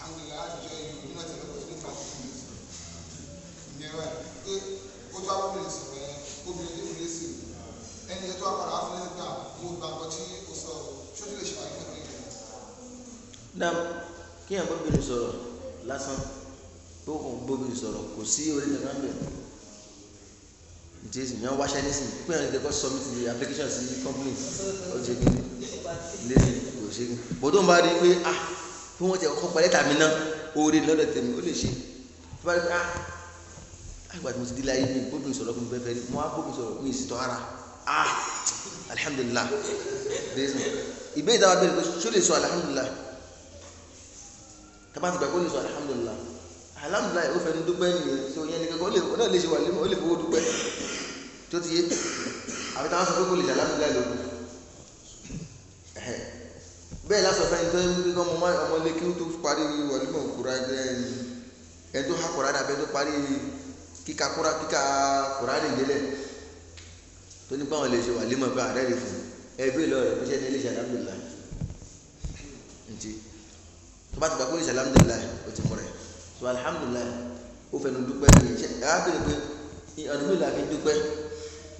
Alhamdulillah, yẹn báyìí pé ó tó abúlé sọ̀rọ̀ yẹn obìnrin ní ìfúlé sí ẹni ẹ tó apàdà afúlé gbà mo gbà pọ̀ tí o sọ ṣójú lè ṣàlàyé fún mi. dam kí ẹ̀ gbóbìnrin sọ̀rọ̀ lásán pé ó kàn gbóbìnrin sọ̀rọ̀ kò sí orílẹ̀ náà bẹ̀ jésù yẹn wáṣẹ nísìnyí pé ẹ̀ ń dẹ́kọ́ submit the application sí company ó jẹ́ kí lẹ́yìn kò ṣe kí bọ́dọ̀ ń bá rí i pé ah bí wọ́n ti kọ́ pa lẹ́tà mi náà oore lọ́dọ̀ tèmi ó lè ṣe tó bá rí i pé ah àgbà tí mo ti di láyé mi bóbi sọ̀rọ̀ kí mo fẹ́ mo á bóbi sọ̀rọ̀ mi ìsìtọ́ ara ah alihamdulilah dèésì ìbéèrè dáwà bẹ́ẹ̀ pé ṣó lè sọ alihamdulilah tábà ti gbà kó lè sọ alihamdulilah alihamdulilah ó fẹ́ ní dúpẹ́ nìyẹn tó yẹn ní kankan ó lè ó náà lè ṣe wà lé ó lè fowó dúpẹ́ tó ti yé àbí táwọn sọ pé kó lè ṣe alihamdulilah lóko bẹ́ẹ̀ lásán fẹ́ni tó ń gbé ọmọ ọmọ lé kí ó tó parí wàlúmọ̀ kúra ẹni tó hà kúra dàbẹ́ tó parí kíka kura kíka kurani délẹ̀ tó nípa àwọn lè ṣe wà límọ̀ pé ààrẹ rè fún ẹbí lọ rẹ̀ fúnṣẹ́ ní ilé ìṣẹ̀lẹ̀ alhamdulilayi ntí tó bá ti gbà pé ilé ìṣẹ̀lẹ̀ alhamdulilayi o ti mú rẹ̀ tó alhamdulilayi ó fẹnu dúpẹ́ ní iṣẹ́ ẹ̀ á pé ọdún mi dúpẹ́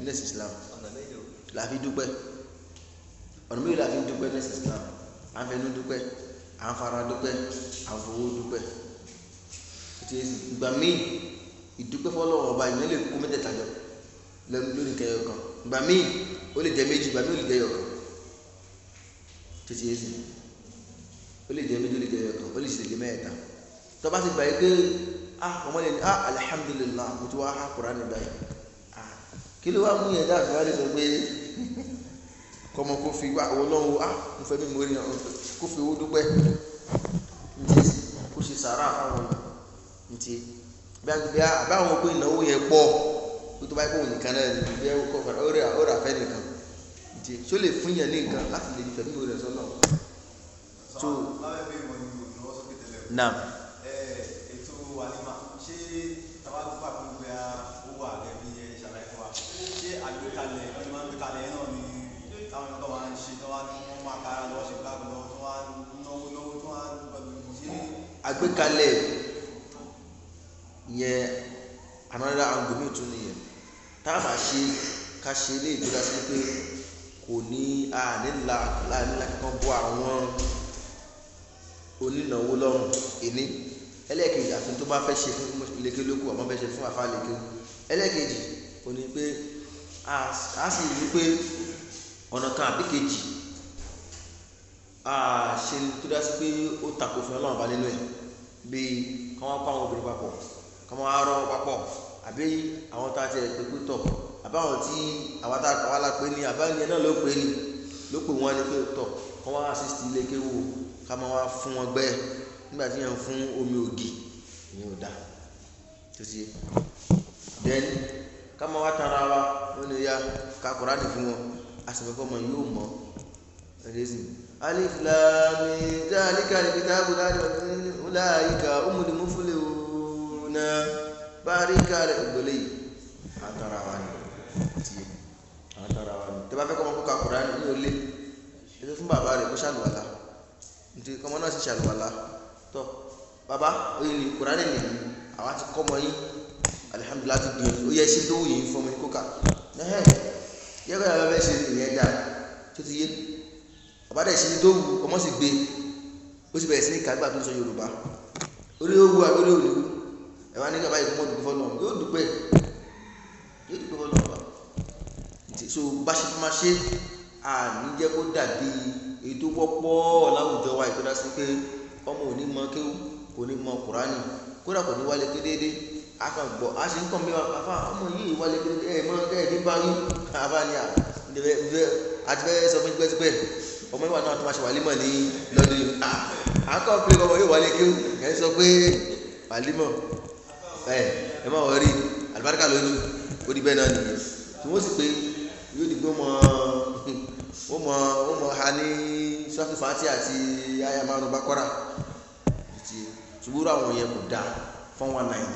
ní Islam làá fi dúpẹ́ ọdún mi dúpẹ́ ní Islam à ń fẹnu dúpẹ́ à ń fara dúpẹ́ à ń dúpẹ́ gbà ìdúpẹ́ fọlọ́wọ́n ọba ìyẹn lè kó mẹ́tẹ̀ẹ̀ta jọ lórí kẹyọ kan gbà míì ó lè jẹ méjì gbà míì ó lè jẹ yọ kan títí yé sìn ó lè jẹ méjì ó lè jẹ yọ ó lè sì lè mẹ́ẹ̀ta tó bá ti gbà yí pé ah ọmọ lè ní ah alihamudulilayi mo ti wá ha kura nígbà yìí ah kí ló wá mú yẹn dáa tó wá lè sọ pé kọmọ kó fi wá owó lọ́wọ́ ah mo fẹ́ mi mo rí ọ kó fi owó dúpẹ́ ntí kó ṣe sàrà fáwọn ntí bí agbègbè àbáwọn pé ìnáwó yẹn pọ̀ pé tó bá yẹ kó òun nìkan náà ní ibi ẹwọ kọfà ó rà fẹ́ nìkan díẹ̀ tó lè fún yẹn ní nǹkan láti lè fẹ̀mí rẹ̀ sọ́nà. so naam. ètò àlìmà ṣé tàwa tó pàpọ̀ gbé owó àgbẹ̀ bí ẹ ṣàlàyé fún wa ṣé àgbékalẹ̀ ọdún máa ń gbékalẹ̀ náà ni táwọn ọ̀dọ́ wa ń ṣe tó wá ní wọ́n máa kára lọ́wọ́ ṣe gbàgbọ́ tó wá náwó náwó tó wá gbàgbọ́ àgbékalẹ̀ yẹ another angle mi tún nìyẹn tá a bá ṣe ká ṣe ilé ìjọba sí pé kò ní àníla àníla kankan bọ àwọn onínáwó lọ́rùn ìní ẹlẹ́ẹ̀kejì àfi tó bá fẹ́ ṣe fún leke lóko àmọ́ fẹ́ ṣe fún àfa leke ẹlẹ́ẹ̀kejì ò ní pé a sì rí pé ọ̀nà kan àbí kejì a ṣe tó dá sí pé ó takò fún ọlọ́run bá nínú ẹ̀ bíi káwọn pa àwọn obìnrin papọ̀ kọ́mọ arọ papọ̀ àbí àwọn tá a tiẹ̀ pé pé tọ̀ àbáwọn tí àwọn tá a kọ́ wá la pé ní àbáyé náà ló pé ní ló pè wọ́n ní pé tọ̀ kọ́ wá assist ilé kéwò ká máa wá fún wọn gbẹ́ nígbà tí yẹn ń fún omi ògì ìyẹn ò dáa tó ti yé then ká máa wá tara wa wọ́n ya ká Kùránì fún wọn àsìkò ọmọ yóò mọ̀ ẹ̀rẹ́sìn alif lam mim dhalika alkitabu la raiba fihi ulaika humul muflihun na báríkà rẹ̀ ògbélé yìí àtàrà wa ni ti yẹ àtàrà wa ni tẹ́bá fẹ́ kọ́ ọmọ kó ka Kùránì ní olé ẹsẹ̀ fún bàbá rẹ̀ kó ṣàlùwàlà nítorí kọ́mọ náà sì ṣàlùwàlà tọ́ bàbá oyin ni Kùránì nìyí àwa ti kọ́ ọmọ yín alihamdulilayi ti gbìyànjú ó yẹ ṣe lówó yìí fún ọmọ yín kó ka ẹhẹ́n yẹ kó yàrá bẹ́ẹ̀ ṣe ìyẹn dà tó ti yé bàbá dẹ̀ ṣe ní tó wù ọmọ sì gbé ó sì bẹ̀rẹ̀ sí ní kàgbà tó ń sọ Yorùbá orí ó wù àbí ẹ wá ní kí abáyé kó dùgbò fọlọ yóò dùgbò yóò dùgbò fọlọ ọba so báṣepámáṣe àní jẹ́ kó dàbí èyí tó wọ́pọ̀ láwùjọ wa ìtọ́já sí pé ọmọ òní mọ kéwù kò ní mọ kùránì kódà kò ní wálé ké déédéé akàgbọ a ṣe ń kàn bí afa ọmọ yìí wálé ké déédéé ẹ mọ ẹ ní bá yín afa ni a àti bẹ́ẹ̀ sọ fún tipẹ́tipẹ́ ọmọ yìí wà náà tó máa ṣe wàlí mọ̀ ní lọ́dún yìí akọ́ pé ọmọ yìí wálé kéwù ẹ sọ pé wàlí mọ̀ ẹ eh, ẹ má wọ rí alibarika lójú ó di bẹ́ẹ̀ náà nìyẹn tí wọ́n sì pé yóò di gbọ́ mọ́ ó mọ ó mọ ha ní sọ́ọ̀tì fàátì àti aya márùn bákọ́rà ti ṣùgbọ́n àwọn yẹn kò dáa fún wa náà yẹn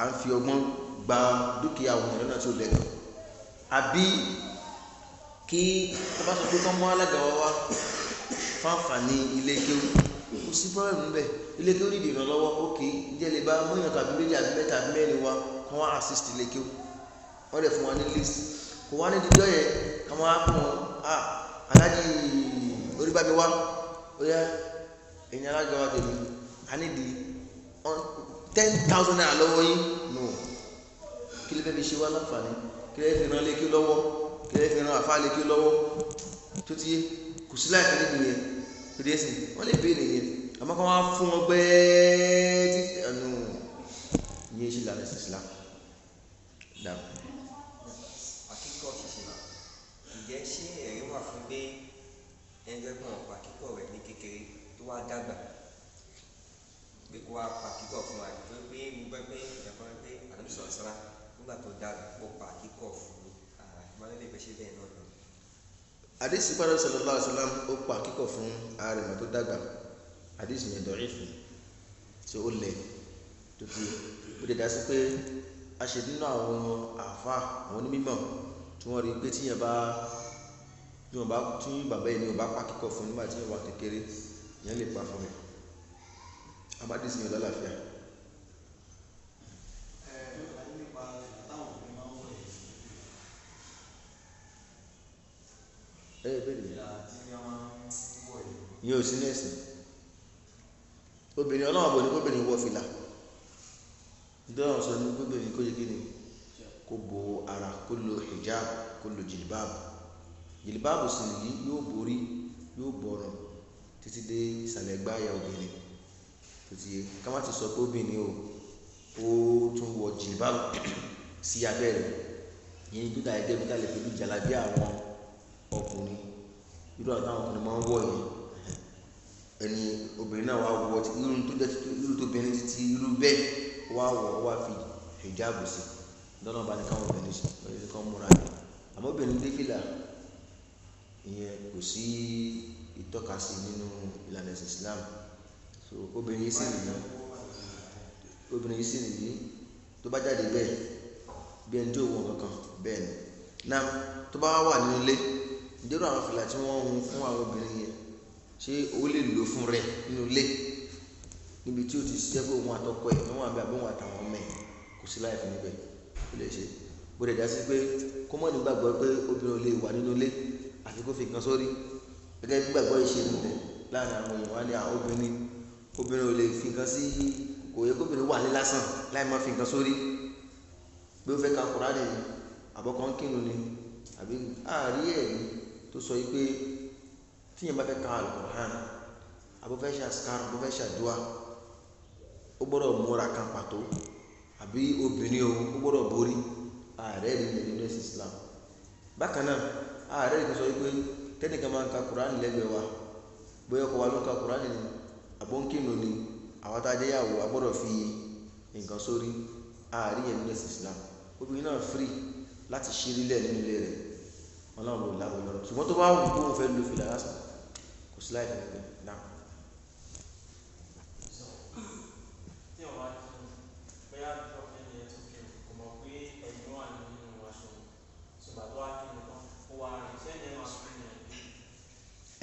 à ń fi ọgbọ́n gba dúkìá àwọn èèyàn náà tí ó lẹ́nu àbí kí tó sọ pé kán mú alága wa wá fáǹfààní ilé kéwù sí problem níbẹ̀ ilé kí ó rí ìdènà lọ́wọ́ òkè ǹjẹ́ lè bá mọ́yàn tàbí méjì àbí mẹ́ta àbí mẹ́rin wa kàn wá assist ilé kí ó wọ́n dẹ̀ fún wa ní list kò wá ní dídọ́ yẹn kàn wá pọ̀ wọn a alájí orí bá mi ẹ̀yin alájọ wa tèmi a ten thousand naira lọ́wọ́ yín nù kí lè fẹ́ fi ṣe wá láǹfààní kí lè fi ran ilé kí lọ́wọ́ kí lè fi ran àfa ilé kí lọ́wọ́ tó ti yé kò sí láì fi níbi yẹn kò dé lè béèrè yẹn àmọ́ kan wá fún wọn pé títí ẹnu yìí ṣe lànà ìsìlá dáa. àkíkọ́ ṣiṣẹ́ ǹjẹ́ ṣé ẹ̀rí wà fún pé ẹgbẹ́gbọ́n ọ̀pá kíkọ́ rẹ̀ ní kékeré tó wá dàgbà pé kó wá pa kíkọ́ fún wa pé pé mo gbẹ́ pé ìyàpá pé àdúgbò sọ̀rọ̀ nígbà tó dàgbà ó pa kíkọ́ fún mi àmọ́lẹ́lẹ́ ìgbésẹ̀ bẹ́ẹ̀ náà lọ. àdéhùn sípàdé sallallahu alaihi ó pa fún ààrẹ màtó dàgbà àdìsí yẹn dọ̀rí fún tí ó lẹ̀ o fi ó lè dá sí pé aṣèlú náà àwọn àfa àwọn onímọ̀ tí wọ́n rí i pé tíyẹn bá tí wọ́n bá tí bàbá yìí ni wọ́n bá pa kíkọ fún nígbà tí wọ́n wà kékeré yẹn lè pa fún mi abádìsí yẹn lọ́láfíà. ẹ ẹ bẹ́ẹ̀ ni yóò sí ní ẹ̀sìn obìnrin ọlọ́run àbò ní kóbìnrin wọ fìlà ìdọ́rọ̀ sọ ní kóbìnrin kó yẹ kí ni kó bo ara kó lo hijab kó lo jìlìbáàbù jìlìbáàbù sì nìyí yóò borí yóò bọ̀rọ̀ títí dé ìsàlẹ̀ gbáàyà obìnrin títí ká má ti sọ pé obìnrin o ó tún wọ jìlìbáàbù sí abẹ́ rẹ̀ yẹn gbígbà ẹgbẹ́ mi ká lè fi jàlábí àwọn ọkùnrin irú àwọn ọkùnrin máa ń wọ̀ yẹn ẹni obìnrin náà wà wọ irun tó jẹ irun tó bẹni títí irú bẹ́ẹ̀ wà wọ wà fi hijab sí lọ́nà bá ní káwọn obìnrin sí lọ́nà ní káwọn múra ní àmọ́ obìnrin dé fìlà ìyẹn kò sí ìtọ́kasí nínú ìlànà ẹ̀sìn Islam so obìnrin yìí sì nìyí obìnrin yìí sì nìyí tó bá jáde bẹ́ẹ̀ bí ẹni tó wọ kankan bẹ́ẹ̀ ni náà tó bá wà nínú ilé ìdérò àwọn fìlà tí wọ́n ń fún àwọn obìnrin yẹn ṣé o lè lò fún rẹ nínú ilé níbi tí o ti ṣiṣẹ́ fún òun àtọkọ ẹ̀ níwọ̀n àbí àbí òun àtàwọn ọmọ ẹ̀ kò sí láì fún níbẹ̀ o lè ṣe bó lè dá sí pé kó mọ́ nígbàgbọ́ pé obìnrin ò lè wà nínú ilé àfi kó fi kan sórí gẹ́gẹ́ bí gbàgbọ́ ìṣe nílẹ̀ láàrin àwọn èèyàn wá ní àwọn obìnrin obìnrin ò lè fi kan sí kò yẹ kóbìnrin wà ní lásán láì má fi kan sórí bí ó fẹ́ ka Kùránì àbọ̀kọ́ ń kírun ni àbí àárí ẹ̀rí tó sọ yìí pé yẹn bá fẹ́ ka alukur'an àbó fẹ́ ṣe asikar àbó o ṣe àdúrà ó gbọ́dọ̀ múra kan pàtó àbí obìnrin o ó gbọ́dọ̀ borí ààrẹ rí ní nínú ẹ̀sìn Islam bákan náà ààrẹ rí sọ pé kẹ́nìkan máa ń ka kur'an lẹ́gbẹ̀ẹ́ wa bóyá ọkọ̀ wa ló ń ka kur'an ni àbó ń kírun ni àwọn atájẹ́yàwó a gbọ́dọ̀ fi nǹkan sórí ààrí yẹn nínú ẹ̀sìn Islam obìnrin náà free láti ṣírí lẹ̀ nínú ilé rẹ̀ wọn láwọn ò láwọn ìlọrin ṣùgbọ́n tó bá wù tó ń fẹ́ lo fìlà lásán slide níbẹ̀ náà.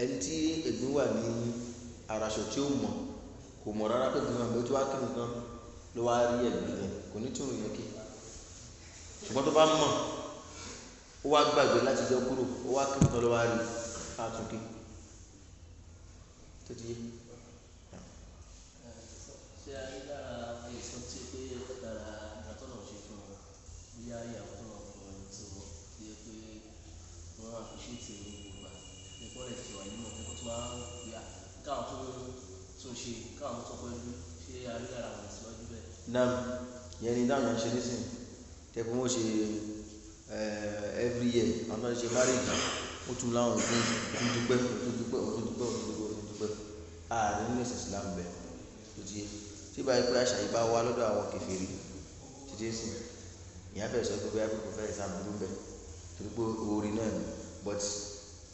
ẹni tí ègbín wà ní araṣọ tí ó mọ̀ kò mọ̀ rárá pé gbìmọ̀ àbí ó ti wá kí nǹkan ló wá rí ẹ̀gbín rẹ̀ kò ní tún ìyẹn kí ṣùgbọ́n tó bá mọ̀ ó wá gbàgbé láti jẹ́ kúrò ó wá kí nǹkan ló wá rí àtúnkì tó ti yé. ṣé ayé dára èso tí pé dára àtọ́nà ṣe fún ọ bí ayé àwọn ọmọ ẹni tó wọ bí ẹ pé wọn àfiṣe ti ní gbogbo àti ẹ̀kọ́ rẹ̀ ti wà nínú ẹ̀kọ́ tó máa ń gbé à yẹn ni dáhùn ṣe nísìnyí tẹkun ó ṣe eh, every year àwọn tó ń ṣe marriage ó tún láwọn òtún dúpẹ́ òtún dúpẹ́ òtún dúpẹ́ òtún dúpẹ́ ààrẹ nínú ẹ̀sìn Islam bẹ̀ tó ti tí báyìí pé àṣà yìí bá wá lọ́dọ̀ àwọn kèfèrí títí sí ìyá bẹ̀rẹ̀ sọ pé bóyá kò fẹ́ ìsá burú bẹ̀ torí pé orí náà ni but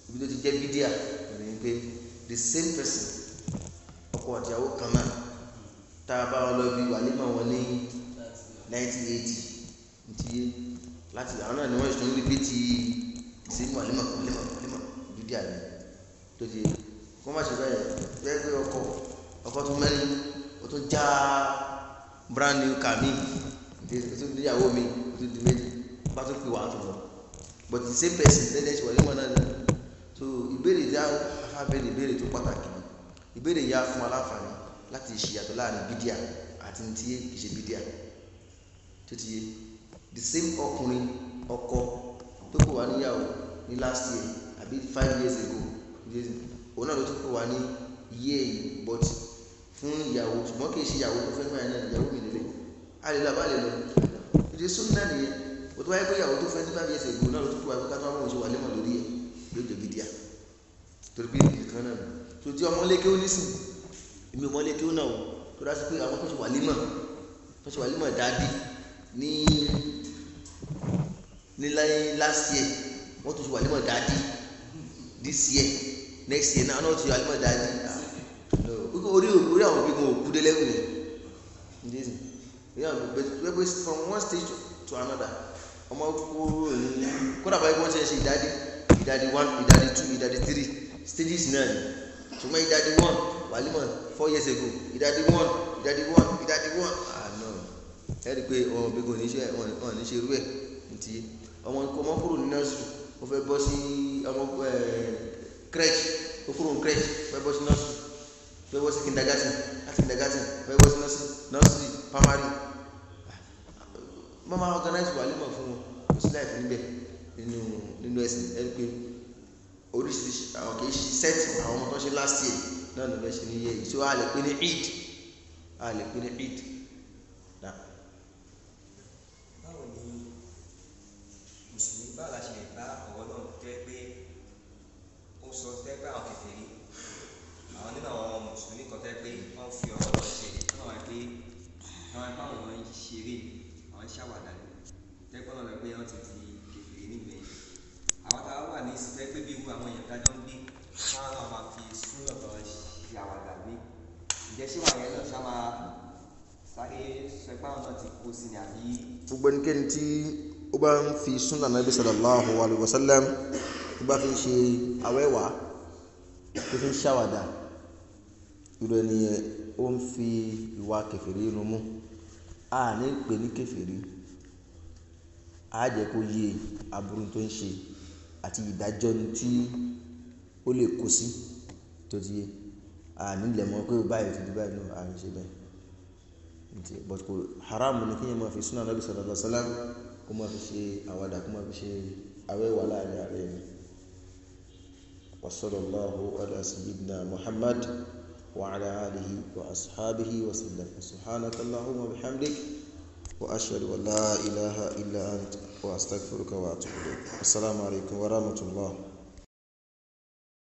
ibi tó ti jẹ́ bídíà ni pé the same person ọkọ àtìyàwó kan náà tá a bá wọn lọ bí wàlímọ̀ wọn ní 1980 ntí láti àwọn náà ni wọ́n ṣe tún rí bí ti sí wàlímọ̀ wàlímọ̀ wàlímọ̀ bídíà ni tó ti kó má ṣe bẹ́ẹ̀ bẹ́ẹ̀ gbé ọkọ̀ ọkọ̀ tó mẹ́rin ó tó já brand new car mi ó tó di ìyàwó mi ó tó di méjì bá tó pè wá tó lọ but the same person lẹ́dẹ̀ ṣe wà ní wọn náà so ìbéèrè dá afábẹ́ ní ìbéèrè tó pàtàkì ìbéèrè yá fún aláǹfààní láti ṣìyàtọ̀ láàrin bídíà àti ní tí kì í ṣe bídíà tó ti yé the same ọkùnrin ọkọ tó kò wá níyàwó ní last year àbí five years ago òun náà ló tún pè wá ní yé bọ́tì fún ìyàwó ṣùgbọ́n kì í ṣe ìyàwó tó fẹ́ gbà yẹn ìyàwó mi lélẹ̀ a lè lọ àbá lè lọ ìdí súnmọ́ nìyẹn o tó wáyé pé ìyàwó tó fẹ́ nípa bí ẹsẹ̀ ìgbò náà ló tún pè wá pé ká tó wá bọ̀ wà lẹ́mọ̀ lórí ẹ̀ yóò jẹ́ bídíà torí pé nìkan náà tó ti ọmọléke ó nísìn èmi ọmọléke ó náà o tó dá sí pé àwọn tó ṣe wà límọ̀ tó ṣe wà límọ̀ dáadé ní last year wọ́n tó ṣe wà this year next year náà ọ̀nà tí alimọ̀ dájú orí orí àwọn òbí kan òkú délẹ́wù ni orí àwọn òbí pé from one stage to another ọmọ kúrò ní kódà báyìí wọ́n ṣe ṣe ìdádì ìdádì one ìdádì two ìdádì three stages náà ṣùgbọ́n ìdádì one wàlímọ̀ four years ago ìdádì one ìdádì one ìdádì one ah no ẹ rí i pé ọmọ òbí kan ò ní ṣe ọ̀ ní ṣe irú ẹ̀ ní ti ọmọ kúrò ní nọ́ọ̀sì ó fẹ́ bọ́ sí ọmọ ẹ̀ẹ́. Eh, crèche okoro crèche fẹ́ bọ́ sí nọ́ọ̀sì fẹ́ bọ́ sí kindergarten láti kindergarten fẹ́ bọ́ sí nọ́ọ̀sì nọ́ọ̀sì primary mama organize wàlímọ̀ fún wọn kò sí láìpẹ́ níbẹ̀ nínú nínú ẹsẹ̀ ẹni pé oríṣiríṣi àwọn kì í ṣe set àwọn ọmọ tó last year náà ló bẹ ṣe níyẹ yìí so a lè pè ní eid a lè pè ní eid. báwo ni mùsùlùmí báwo la ṣe lè sọ tẹ́ pé àwọn ni àwọn nínú àwọn mùsùlùmí kan tẹ́ pé wọ́n fi ọ̀rọ̀ lọ ṣe wọ́n wáyé pé wọ́n wáyé báwọn wọn ṣeré àwọn ṣàwàdà ni tẹ́ pé wọ́n lọ pé wọ́n ti di kèfèrí nígbẹ̀yìn àwọn táwọn wà ní ìsìtẹ́ pé bí irú àwọn èèyàn tájọ́ ń gbé káwọn náà máa fi súnlọ̀ lọ ṣàwàdà ní ìjẹ́sí wà yẹn náà ṣá máa sáré sọ pé àwọn náà ti kó sí ni àbí. gbogbo ẹnikẹ́ni tí ó bá ń fi súnlọ̀ Ànábì sallallahu alaihi wasallam tó bá fi ń ṣe awẹ́wà tó fi ń ṣàwàdà irú ẹni ó ń fi ìwà kẹfìrí inú mú a ní pè ní kẹfìrí a jẹ́ kó yé aburú tó ń ṣe àti ìdájọ́ tí ó lè kó sí tó ti yé a nílẹ̀ mọ́ pé báyìí ti di báyìí ló à ń ṣe bẹ́ẹ̀ but kò haram ni kéèyàn máa fi súnà nàbì sallallahu alaihi wasallam kó máa fi ṣe àwàdà kó máa fi ṣe awẹ́wà láàrin ààrẹ yẹn. وصلى الله على سيدنا محمد وعلى آله وأصحابه وسلم سبحانك اللهم وبحمدك وأشهد أن لا إله إلا أنت وأستغفرك وأتوب إليك السلام عليكم ورحمة الله